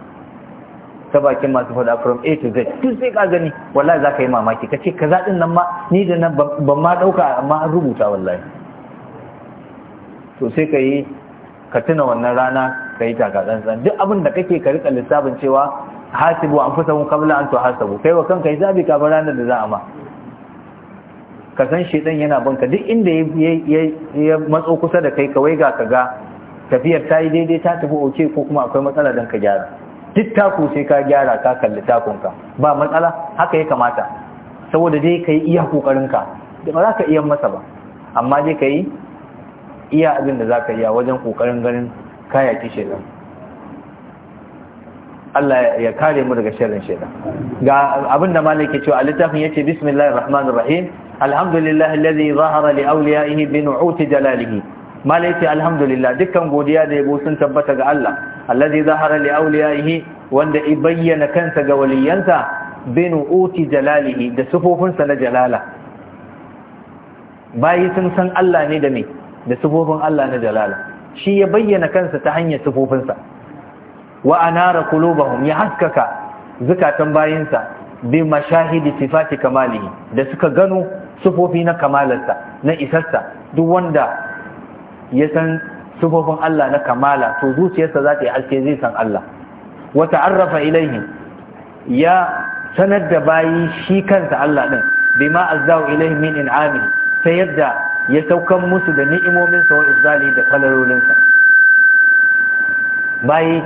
ta bakin masu faɗa from A to Z duk sai ka gani wallahi za ka yi mamaki ka ce kaza zaɗin nan ma ni da nan ban ma ɗauka amma an rubuta wallahi to sai ka yi ka tuna wannan rana ka yi taka tsantsan duk abin da kake ka rika lissafin cewa hasibu an fusa mun kabla an to hasabu kai wa kanka hisabi bar ranar da za a ma ka san shedan yana banka duk inda ya matso kusa da kai kawai ga ka ga tafiyar ta yi daidai ta tafi oke ko kuma akwai matsala don ka gyara duk taku sai ka gyara ka kalli takunka ba matsala haka ya kamata saboda dai ka yi iya kokarinka da ba za ka iya masa ba amma dai ka yi iya abin da za ka iya wajen kokarin ganin kayaki shaidan Allah ya kare mu daga sharrin shaidan ga abin da ke cewa littafin yace bismillahir rahmanir rahim alhamdulillahi alladhi zahara li awliyaihi bi nu'uti jalalihi malaiti ce alhamdulillah dukkan godiya da yabo sun tabbata ga Allah allazi zahara li awliyaihi wanda ibayyana bayyana kansa ga waliyansa binu uti jalalihi da sa na jalala bayi sun san Allah ne da me da sufofin Allah na jalala shi ya bayyana kansa ta hanyar sa wa anara qulubahum ya haskaka zukatan bayinsa bi mashahidi sifati kamalihi da suka gano sufofi na kamalarsa na isarsa duk wanda ya san sufofin Allah na kamala to zuciyarsa za ta yi haske zai san Allah wa ta'arrafa ilaihi ya sanar da bayi shi kansa Allah din bima azzahu ilaihi min in'ami ta yadda ya saukan musu da ni'imomin sa wa da falalolin sa bayi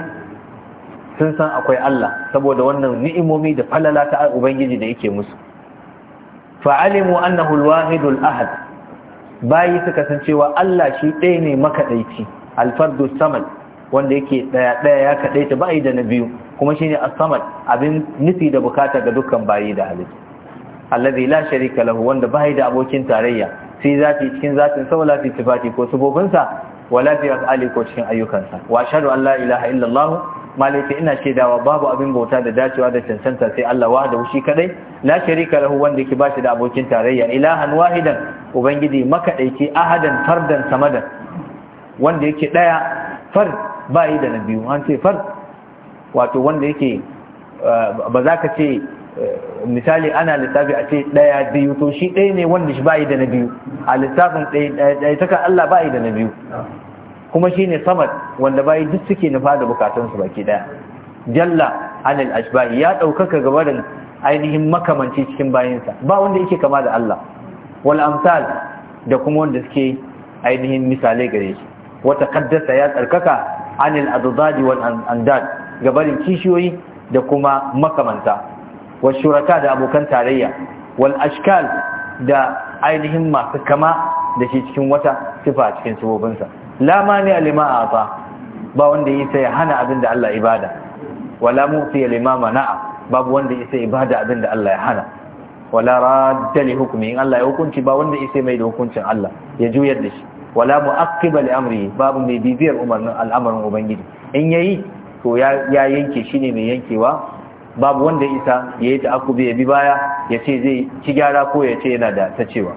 sun san akwai Allah saboda wannan ni'imomi da falala ta ubangiji da yake musu fa'alimu annahu al-wahidul ahad bayi suka san cewa Allah shi ɗaya ne makaɗaici alfardu samad wanda yake ɗaya ɗaya ya kaɗaita bayi da na biyu kuma shi ne samad abin nufi da bukata ga dukkan bayi da halittu allazi la sharika lahu wanda bayi da abokin tarayya sai zati cikin zatin sa wala fi sifati ko subofinsa wala fi ko cikin ayyukansa wa ashhadu an la ilaha illallah malai ina shaidawa babu abin bauta da dacewa da cancanta sai Allah wahdahu shi kadai la sharika lahu wanda yake bashi da abokin tarayya ilahan wahidan ubangiji makadaici ahadan fardan samadan wanda yake daya fard bai da na biyu an ce fard wato wanda yake ba za ka ce misali ana lissafi a ce daya biyu to shi ɗaya ne wanda shi bai da na biyu a lissafin ɗaya ta Allah bai da na biyu kuma shi ne samad wanda bayi duk suke nufa da bukatunsu baki daya jalla anil ashbahi ya ɗaukaka gabarin ainihin makamanci cikin bayinsa ba wanda yake kama da Allah wal amsal da kuma wanda suke ainihin misalai gare shi wata kaddasa ya tsarkaka anil adadadi wal andad gabarin kishiyoyi da kuma makamanta wa shuraka da abokan tarayya wal ashkal da ainihin masu kama da shi cikin wata sifa cikin sibobinsa la ne a lima a ba wanda ya isa ya hana abin da Allah ibada wala mufi ya lima mana'a babu wanda ya isa ibada abin da Allah ya hana wala radda li hukmi in Allah ya hukunci ba wanda ya isa mai da hukuncin Allah ya juyar da shi wala mu'aqqiba li amri babu mai bibiyar umarnin al'amarin ubangiji in yayi to ya yanke shine mai yankewa babu wanda ya isa yayi akubi ya bi baya ya ce zai ci gyara ko ya ce yana da ta cewa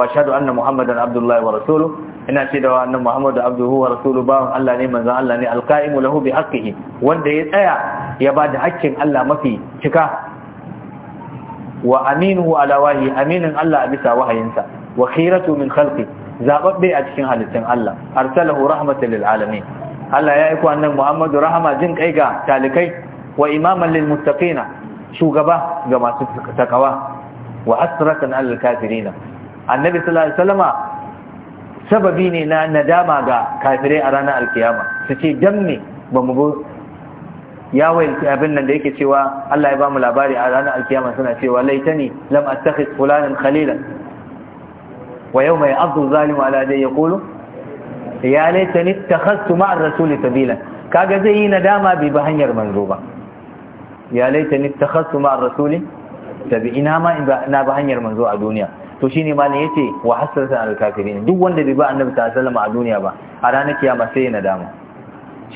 واشهد ان محمدا عبد الله ورسوله ina ce da wannan Muhammadu Abduhu wa Rasulu bawan Allah ne manzan Allah ne alqaimu lahu bi haqqihi wanda ya tsaya ya ba da haƙƙin Allah mafi cika wa aminuhu ala aminin Allah a bisa wahayinsa wa khiratu min khalqi zababbe a cikin halittun Allah arsalahu rahmatan lil alamin Allah ya yi kwanan Muhammadu rahama jin kai ga talikai wa imaman lil shugaba ga masu takawa wa hasratan al kafirina annabi sallallahu alaihi wasallama sababi ne na nadama ga kafirai a ranar alkiyama su ce dan ne ba mu ya wayi abin nan da yake cewa Allah ya ba mu labari a ranar alkiyama suna cewa laitani lam attakhid fulanan khalilan wa yawma ya'dhu zalimu ala dai yaqulu ya laitani ittakhadtu ma'a ar-rasuli sabila kaga zai yi nadama bi ba hanyar manzo ba ya laitani ittakhadtu ma'a ar-rasuli tabi ina ma ina ba hanyar manzo a duniya to shine malam yace wa hasratan al kafirin duk wanda bai ba annabi sallallahu alaihi wasallam a duniya ba a ranar kiyama sai ya nadama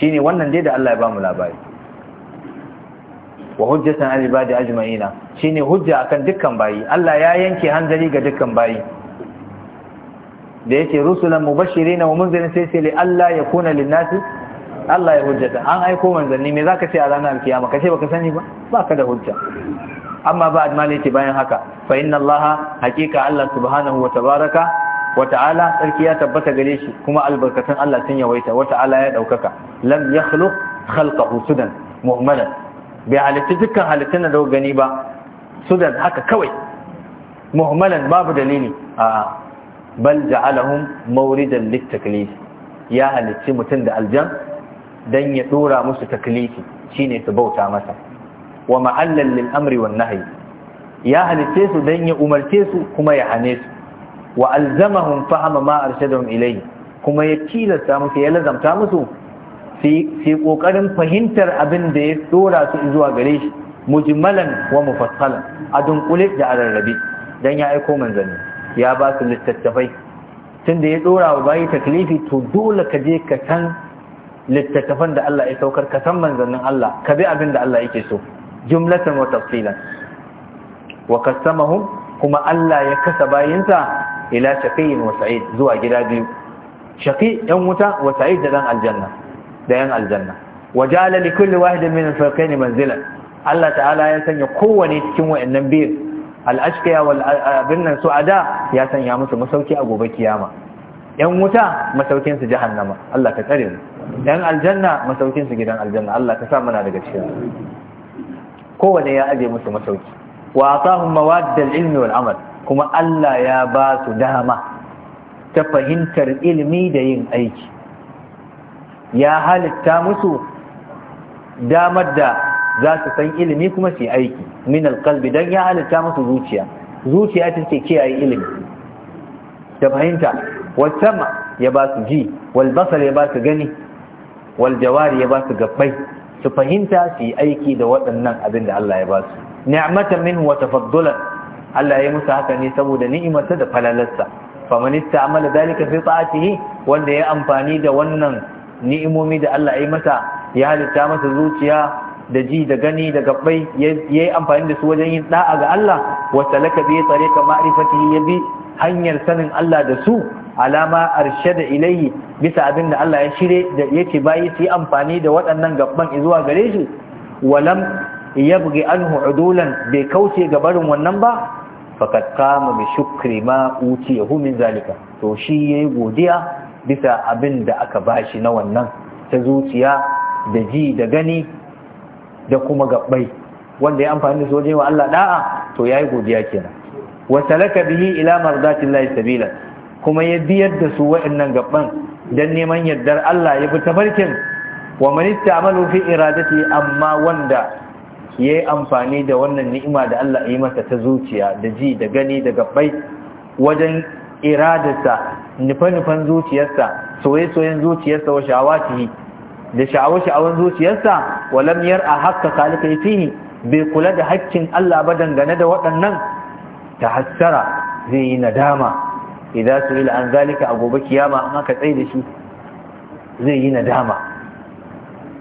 shine wannan dai da Allah ya ba mu labari wa hujjatan al ibadi ajma'ina shine hujja akan dukkan bayi Allah ya yanke hanzari ga dukkan bayi da yake rusulan mubashirina wa munzirin sai sai Allah ya kuna linnasi Allah ya hujjata an aiko manzanni me zaka ce a ranar kiyama kace baka sani ba baka da hujja amma ba admalati bayan haka fa inna allaha hakika allah subhanahu wa tabaraka wa ta'ala sarki ya tabbata gare shi kuma albarkatun allah sun yawaita wa ta'ala ya daukaka lam yakhluq khalqahu sudan mu'manan bai halitta dukkan halittun da gani ba sudan haka kawai mu'manan babu dalili a bal ja'alahum mawridan litaklif ya halicci mutum da aljan dan ya dora musu taklifi shine su bauta masa wa ma'allan lil amri wan nahyi ya halice su dan ya umarce su kuma ya hane su wa alzamahum fahama ma arshadahum ilayhi kuma ya tilasta musu ya lazamta musu sai kokarin fahimtar abin da ya dora su zuwa gare shi mujmalan wa mufassalan a dunkule da rarrabe, dan ya aiko manzanni ya ba su littattafai tunda ya dora wa bayi taklifi to dole ka je ka san littattafan da Allah ya saukar ka san manzannin Allah ka bi abin da Allah yake so jumlatan wa tafsilan wa qasamahum kuma Allah ya kasa bayinsa ila shaqiyin wa sa'id zuwa gida biyu shaqi yan wuta wa sa'id da dan aljanna da yan aljanna wa ja'ala li kulli wahidin min al-firqayn manzilan Allah ta'ala ya sanya kowane cikin wayannan biyu al-ashqiya wal abinnan su'ada ya sanya musu masauki a gobe kiyama yan wuta masaukin su jahannama Allah ka tsare mu yan aljanna masaukin su gidan aljanna Allah ka sa muna daga cikin kowane ya aje musu masauki wa asahum mawaddal ilmi wal amal kuma Allah ya ba su dama ta fahimtar ilimi da yin aiki ya halitta musu damar da za su san ilimi kuma su aiki min alqalbi dan ya halitta musu zuciya zuciya ta ce kiyaye ilimi ta fahimta wasama ya ba su ji wal basar ya ba su gani wal jawari ya ba su gabbai su fahimta su aiki da waɗannan abin da Allah ya ba su ni'matan min wa tafaddulan Allah ya yi musu haka ne saboda ni'imarsa da falalarsa faminista ista'mala dalika fi ta'atihi wanda ya amfani da wannan ni'imomi da Allah ya yi masa ya halitta masa zuciya da ji da gani da gabbai yi amfani da su wajen yin ɗa'a ga Allah wa salaka bi tariqa ma'rifatihi bi hanyar sanin Allah da su alama arshe da ilayi bisa abin da Allah ya shire da yake bayi su yi amfani da waɗannan gaban izuwa gare shi walam buge an hudulan bai kauce ga barin wannan ba fakat kama bi shukri ma ya min zalika to shi ya yi godiya bisa abin da aka bashi na wannan ta zuciya da ji da gani da kuma gabbai wanda ya amfani da sojewa Allah da'a to ya yi godiya kenan wa salaka bihi ila mardatillahi sabila kuma ya biyar da su waɗannan gaban dan neman yardar Allah ya bi tabarkin wa man ista'malu fi iradati amma wanda yayi amfani da wannan ni'ima da Allah ya yi masa ta zuciya da ji da gani da gabbai wajen iradarsa nufa-nufan zuciyarsa soye-soyen zuciyarsa wa shawatihi da sha'awa-sha'awan zuciyarsa walam yar a haka kalifai fihi bai kula da haƙƙin Allah ba dangane da waɗannan ta hassara zai yi nadama idan su yi an zalika a gobe kiyama an aka tsaye da shi zai yi nadama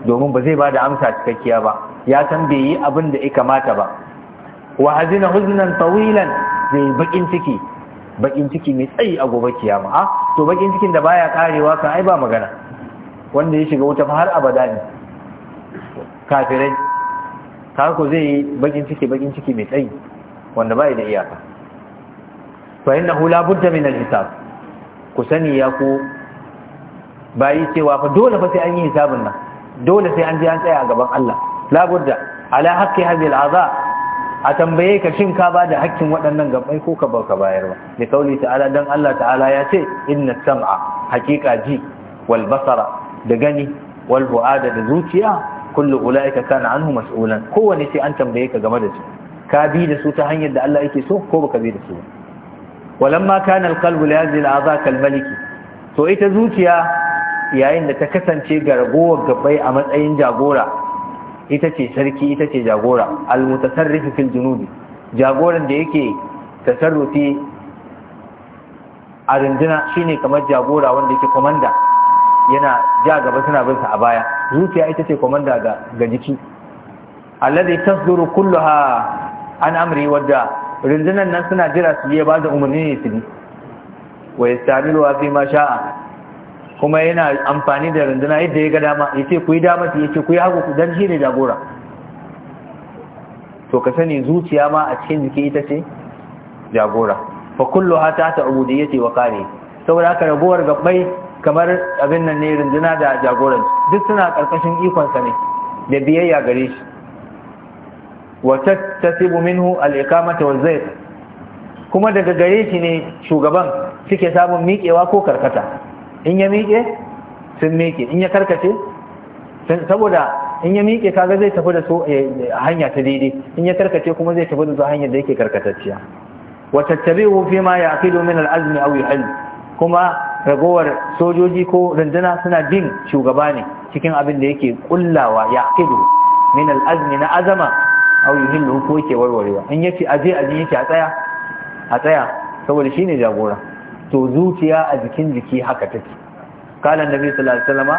domin ba zai ba da amsa cikakkiya ba ya san bai yi abin da ya kamata ba wa hazina huznan tawilan zai bakin ciki bakin ciki mai tsayi a gobe kiyama a ah, to bakin cikin da baya karewa kan ai ba magana wanda ya shiga wuta fa har abada ne kafirai kako zai yi bakin ciki bakin ciki mai tsayi wanda bai da iyaka fa innahu la budda min al ku sani ya ku bayi cewa fa dole fa sai an yi hisabin nan dole sai an je an tsaya a gaban Allah la ala haqqi hadhihi al-aza a tambaye ka shin ka bada hakkin waɗannan gabai ko ka bauka bayar ba da kauli ta'ala dan Allah ta'ala ya ce inna sam'a hakika ji wal da gani wal fu'ada da zuciya kullu ulaika kana anhu mas'ulan kowanne sai an tambaye ka game da su ka bi da su ta hanyar da Allah yake so ko ka bi da su ba walamma kana alqalbu li hadhihi al'aza kal to ita zuciya yayin da ta kasance ga ragowar gabai a matsayin jagora ita ce sarki ita ce jagora almutasarrifu fil junubi jagoran da yake tasarrufi a rinjina shine kamar jagora wanda yake komanda yana ja gaba suna bin sa a baya zuciya ita ce komanda ga ga jiki alladhi tasduru kulluha an amri wadda rundunan nan suna jira su yi ba da umarni ne su bi wa fi ma sha'a kuma yana amfani da rinjina yadda ya ga dama yace ku yi dama ce yace ku yi hagu dan shi ne jagora to ka sani zuciya ma a cikin jiki ita ce jagora fa ha ta ta ce wa qari saboda haka ragowar gabbai kamar abin nan ne runduna da jagoran duk suna karkashin ikon sa ne da biyayya gare shi wa tattasibu minhu al-iqamata wal zayt kuma daga gare shi ne shugaban suke samun miƙewa ko karkata in ya miƙe sun miƙe in ya karkace saboda in ya miƙe kaga zai tafi da su eh, hanya ta daidai in ya karkace kuma zai tafi da su hanyar da yake karkatacciya wa tattabi'u fi ma yaqidu min al-azmi aw yuhil kuma ragowar sojoji ko rundana suna bin shugaba ne cikin abin da yake kullawa yaqidu min al-azmi na azama au yuhillu ko yake warwarewa in yace aje aje yake a tsaya a tsaya saboda shine jagora to zuciya a jikin jiki haka take kala annabi sallallahu alaihi wasallam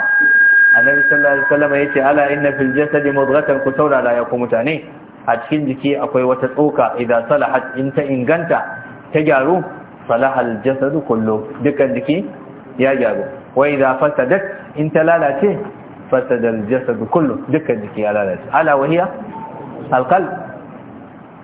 annabi sallallahu alaihi wasallam yace ala inna fil jasadi mudghatan ku saurara ya mutane a cikin jiki akwai wata tsoka idan salahat in ta inganta ta gyaru salahal jasadu kullu dukkan jiki ya gyaru wa idan fasadat in ta lalace fasadal jasadu kullu dukkan jiki ya lalace ala wahiya alƙal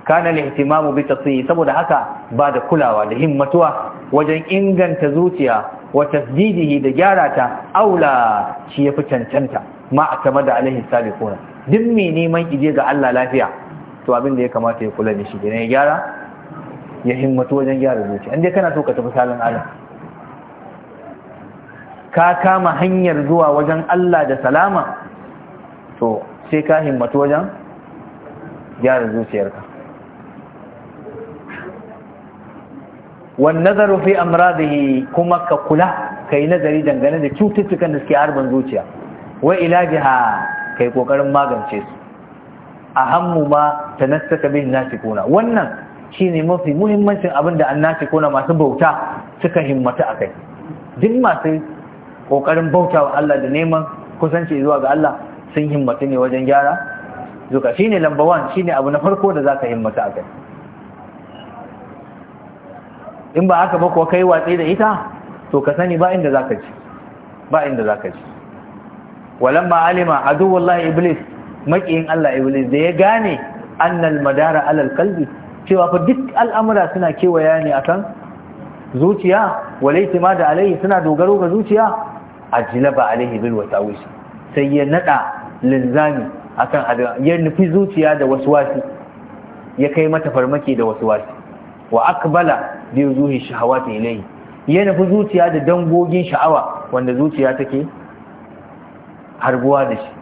kana ne ihtimamu bi tasfihi saboda haka ba da kulawa da himmatuwa wajen inganta zuciya wa tasdidihi da gyara ta aula shi yafi cancanta ma a kama da alaihi salihuna duk mai neman ije ga Allah lafiya to abin da ya kamata ya kula da shi ne ya gyara ya himmatu wajen gyara zuciya inda kana so ka tafi salon Allah ka kama hanyar zuwa wajen Allah da salama to sai ka himmatu wajen gyara zuciyarka wan nazaru fi amradihi kuma ka kula kai nazari dangane da cututtukan da suke harban zuciya wa ilajiha kai kokarin magance su ahammu ma tanassaka bin nasikuna wannan shine mafi muhimmancin abin da an kuna masu bauta suka himmatu akai duk masu kokarin bautawa Allah da neman kusanci zuwa ga Allah sun himmatu ne wajen gyara zuka shine number 1 shine abu na farko da zaka himmata akai in ba haka ba ko kai watsi da ita to ka sani ba inda zaka ci ba inda zaka ci walamma alima adu wallahi iblis makiyin Allah iblis da ya gane annal madara alal qalbi cewa fa duk al'amura suna kewaya ne akan zuciya walaiti ma da alaihi suna dogaro ga zuciya ajlaba alaihi bil wasawis sai ya nada linzami akan abin ya nufi zuciya da waswasi ya kai mata farmaki da waswasi wa akbala bi zuhi shahawati ilayhi ya nufi zuciya da dangogin sha'awa wanda zuciya take harbuwa da shi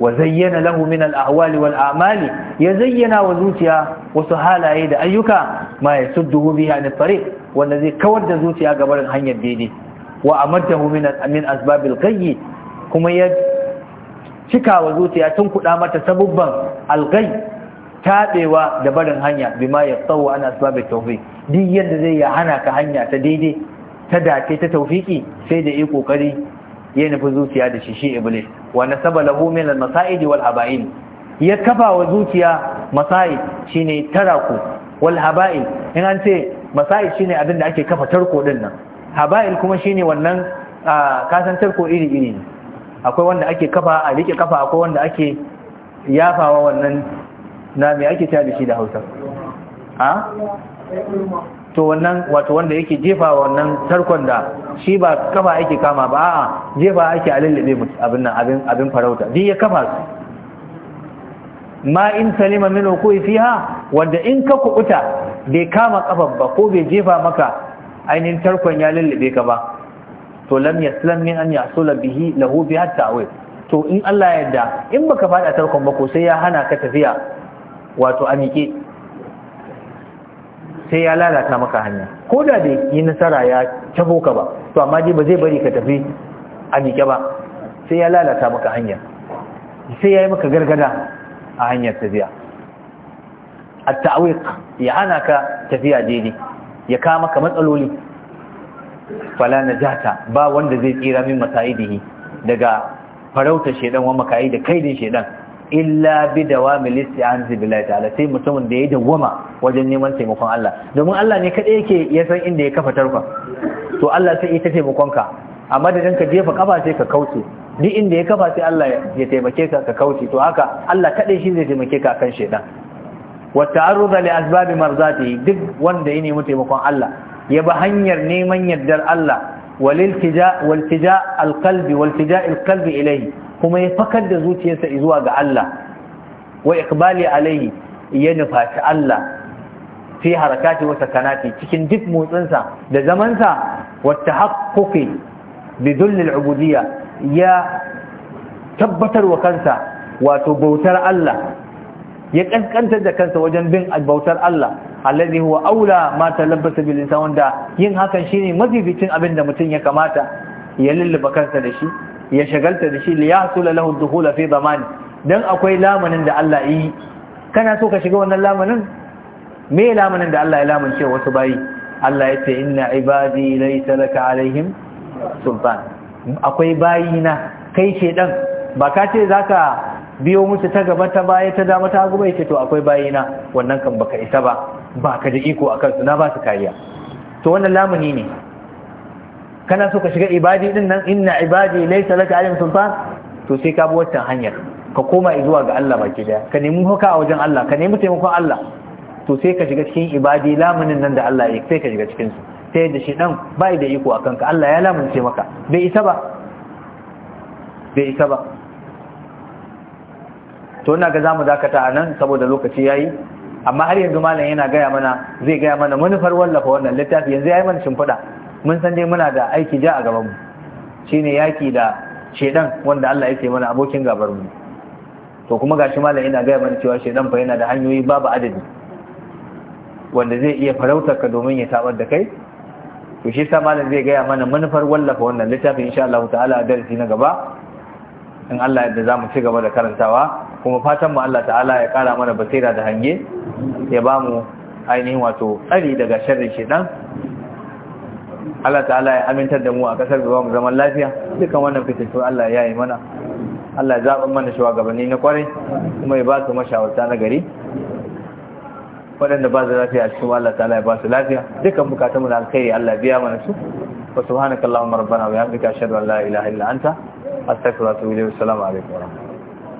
wa zayyana lahu min al-ahwali wal a'mali ya zayyana wa zuciya wasu halaye da ayyuka ma yasudduhu biha an tariq wanda zai kawar da zuciya gaban hanyar daidai wa amadahu min min asbabil kayyi kuma ya cikawa zuciya tun kuɗa mata sabubban algai taɓewa da barin hanya bima ya tsawo ana sababe taufi duk yadda zai ya hana ka hanya ta daidai ta dace ta taufiki sai da yi kokari ya nufi zuciya da shi shi iblis wa nasaba lahu min al wal habain ya kafa wa zuciya masa'id shine taraku wal habain in an ce masa'id shine abin da ake kafa tarko din nan haba'il kuma shine wannan ah, kasan tarko iri iri ne akwai wanda ake kafa a rike kafa akwai wanda ake yafawa wannan na me ake cewa da shi da Hausa a to wannan wato wanda yake jefa wannan tarkon da shi ba kafa ake kama ba a'a jefa ake a lullube abin nan abin abin farauta duk ya kafa su ma in salima min hukui fiha wanda in ka kubuta bai kama kafar ba ko bai jefa maka ainihin tarkon ya lullube ka ba to lam yaslam min an yasula bihi lahu bi hatta to in Allah ya yarda in baka fada tarkon ba ko sai ya hana ka tafiya wato a miƙe sai ya lalata maka hanya ko da dai yi nasara ya tabo ka ba to amma dai ba zai bari ka tafi a miƙe ba sai ya lalata maka hanya sai ya yi maka gargada a hanyar tafiya at-ta'wiq ya hana ka tafiya daidai ya kama ka matsaloli fala najata ba wanda zai tsira min masaidihi daga farauta shedan wa makai da kaidin shedan illa bi dawami isti'anzi billahi ta'ala sai mutumin da ya dawama wajen neman taimakon Allah domin Allah ne kadai yake ya san inda ya kafa tarkon to Allah sai ya taimakon ka amma da ka jefa kafa sai ka kauce duk inda ya kafa sai Allah ya taimake ka ka kauce to haka Allah kada shi zai taimake ka akan shedan Wata ta'arruda li asbab marzatihi duk wanda ya nemi taimakon Allah ya ba hanyar neman yardar Allah waliltija waltija alqalbi waltija kuma ya fakar da zuciyarsa zuwa ga Allah wa ikbali alaihi ya nufaci Allah fi harakati wa sakanati cikin duk motsinsa da zamansa wa tahaqquqi bidull al'ubudiyya ya tabbatar wa kansa wato bautar Allah ya kaskantar da kansa wajen bin bautar Allah allazi huwa aula ma talabbasa bil insan wanda yin hakan shine mafificin abin da mutum ya kamata ya lulluba kansa da shi ya shagalta da shi li yahsul lahu dukhula fi zaman dan akwai lamanin da Allah yi kana so ka shiga wannan lamanin me lamunin da Allah ya lamunce wasu bayi Allah yace inna ibadi laysa laka alaihim sultan akwai bayina kai dan. ba ka ce zaka biyo musu ta gaba ta baya ta dama ta hagu ce to akwai bayina wannan kan baka isa ba Ba ka da iko akan su na ba su kariya to wannan lamuni ne kana so ka shiga ibadi din nan inna ibadi laysa laka alim sultan to sai ka bi wannan hanyar ka koma zuwa ga Allah baki daya ka nemi huka a wajen Allah ka nemi taimakon Allah to sai ka shiga cikin ibadi lamunin nan da Allah ya sai ka shiga cikin su sai da shi dan bai da iko akan ka Allah ya lamunce maka bai isa ba bai isa ba to ina ga zamu dakata a nan saboda lokaci yayi amma har yanzu malam yana gaya mana zai gaya mana manufar wallafa wannan littafi yanzu yayi mana shimfida mun san dai muna da aiki ja a gaban mu shine yaki da shedan wanda Allah yake mana abokin gabar mu to kuma gashi malam yana gaya mana cewa shedan fa yana da hanyoyi babu adadi wanda zai iya farautar ka domin ya tabar da kai to shi sa malam zai gaya mana manufar wallafa wannan littafi, insha Allah ta'ala a darasi na gaba in Allah yadda zamu ci gaba da karantawa kuma fatan mu Allah ta'ala ya kara mana basira da hange ya ba mu ainihin wato tsari daga sharrin shedan Allah ta'ala ya amintar da mu a kasar da mu zaman lafiya dukan wannan fitattu Allah ya yi mana Allah ya zaɓi mana shugabanni na kwarai kuma ya ba su mashawarta na gari waɗanda ba su lafiya a cikin Allah ta'ala ya ba su lafiya dukkan bukatun mu na alkhairi Allah biya mana su wa subhanakallahumma rabbana wa bihamdika ashhadu an la ilaha illa anta astaghfiruka wa atubu ilayk assalamu alaikum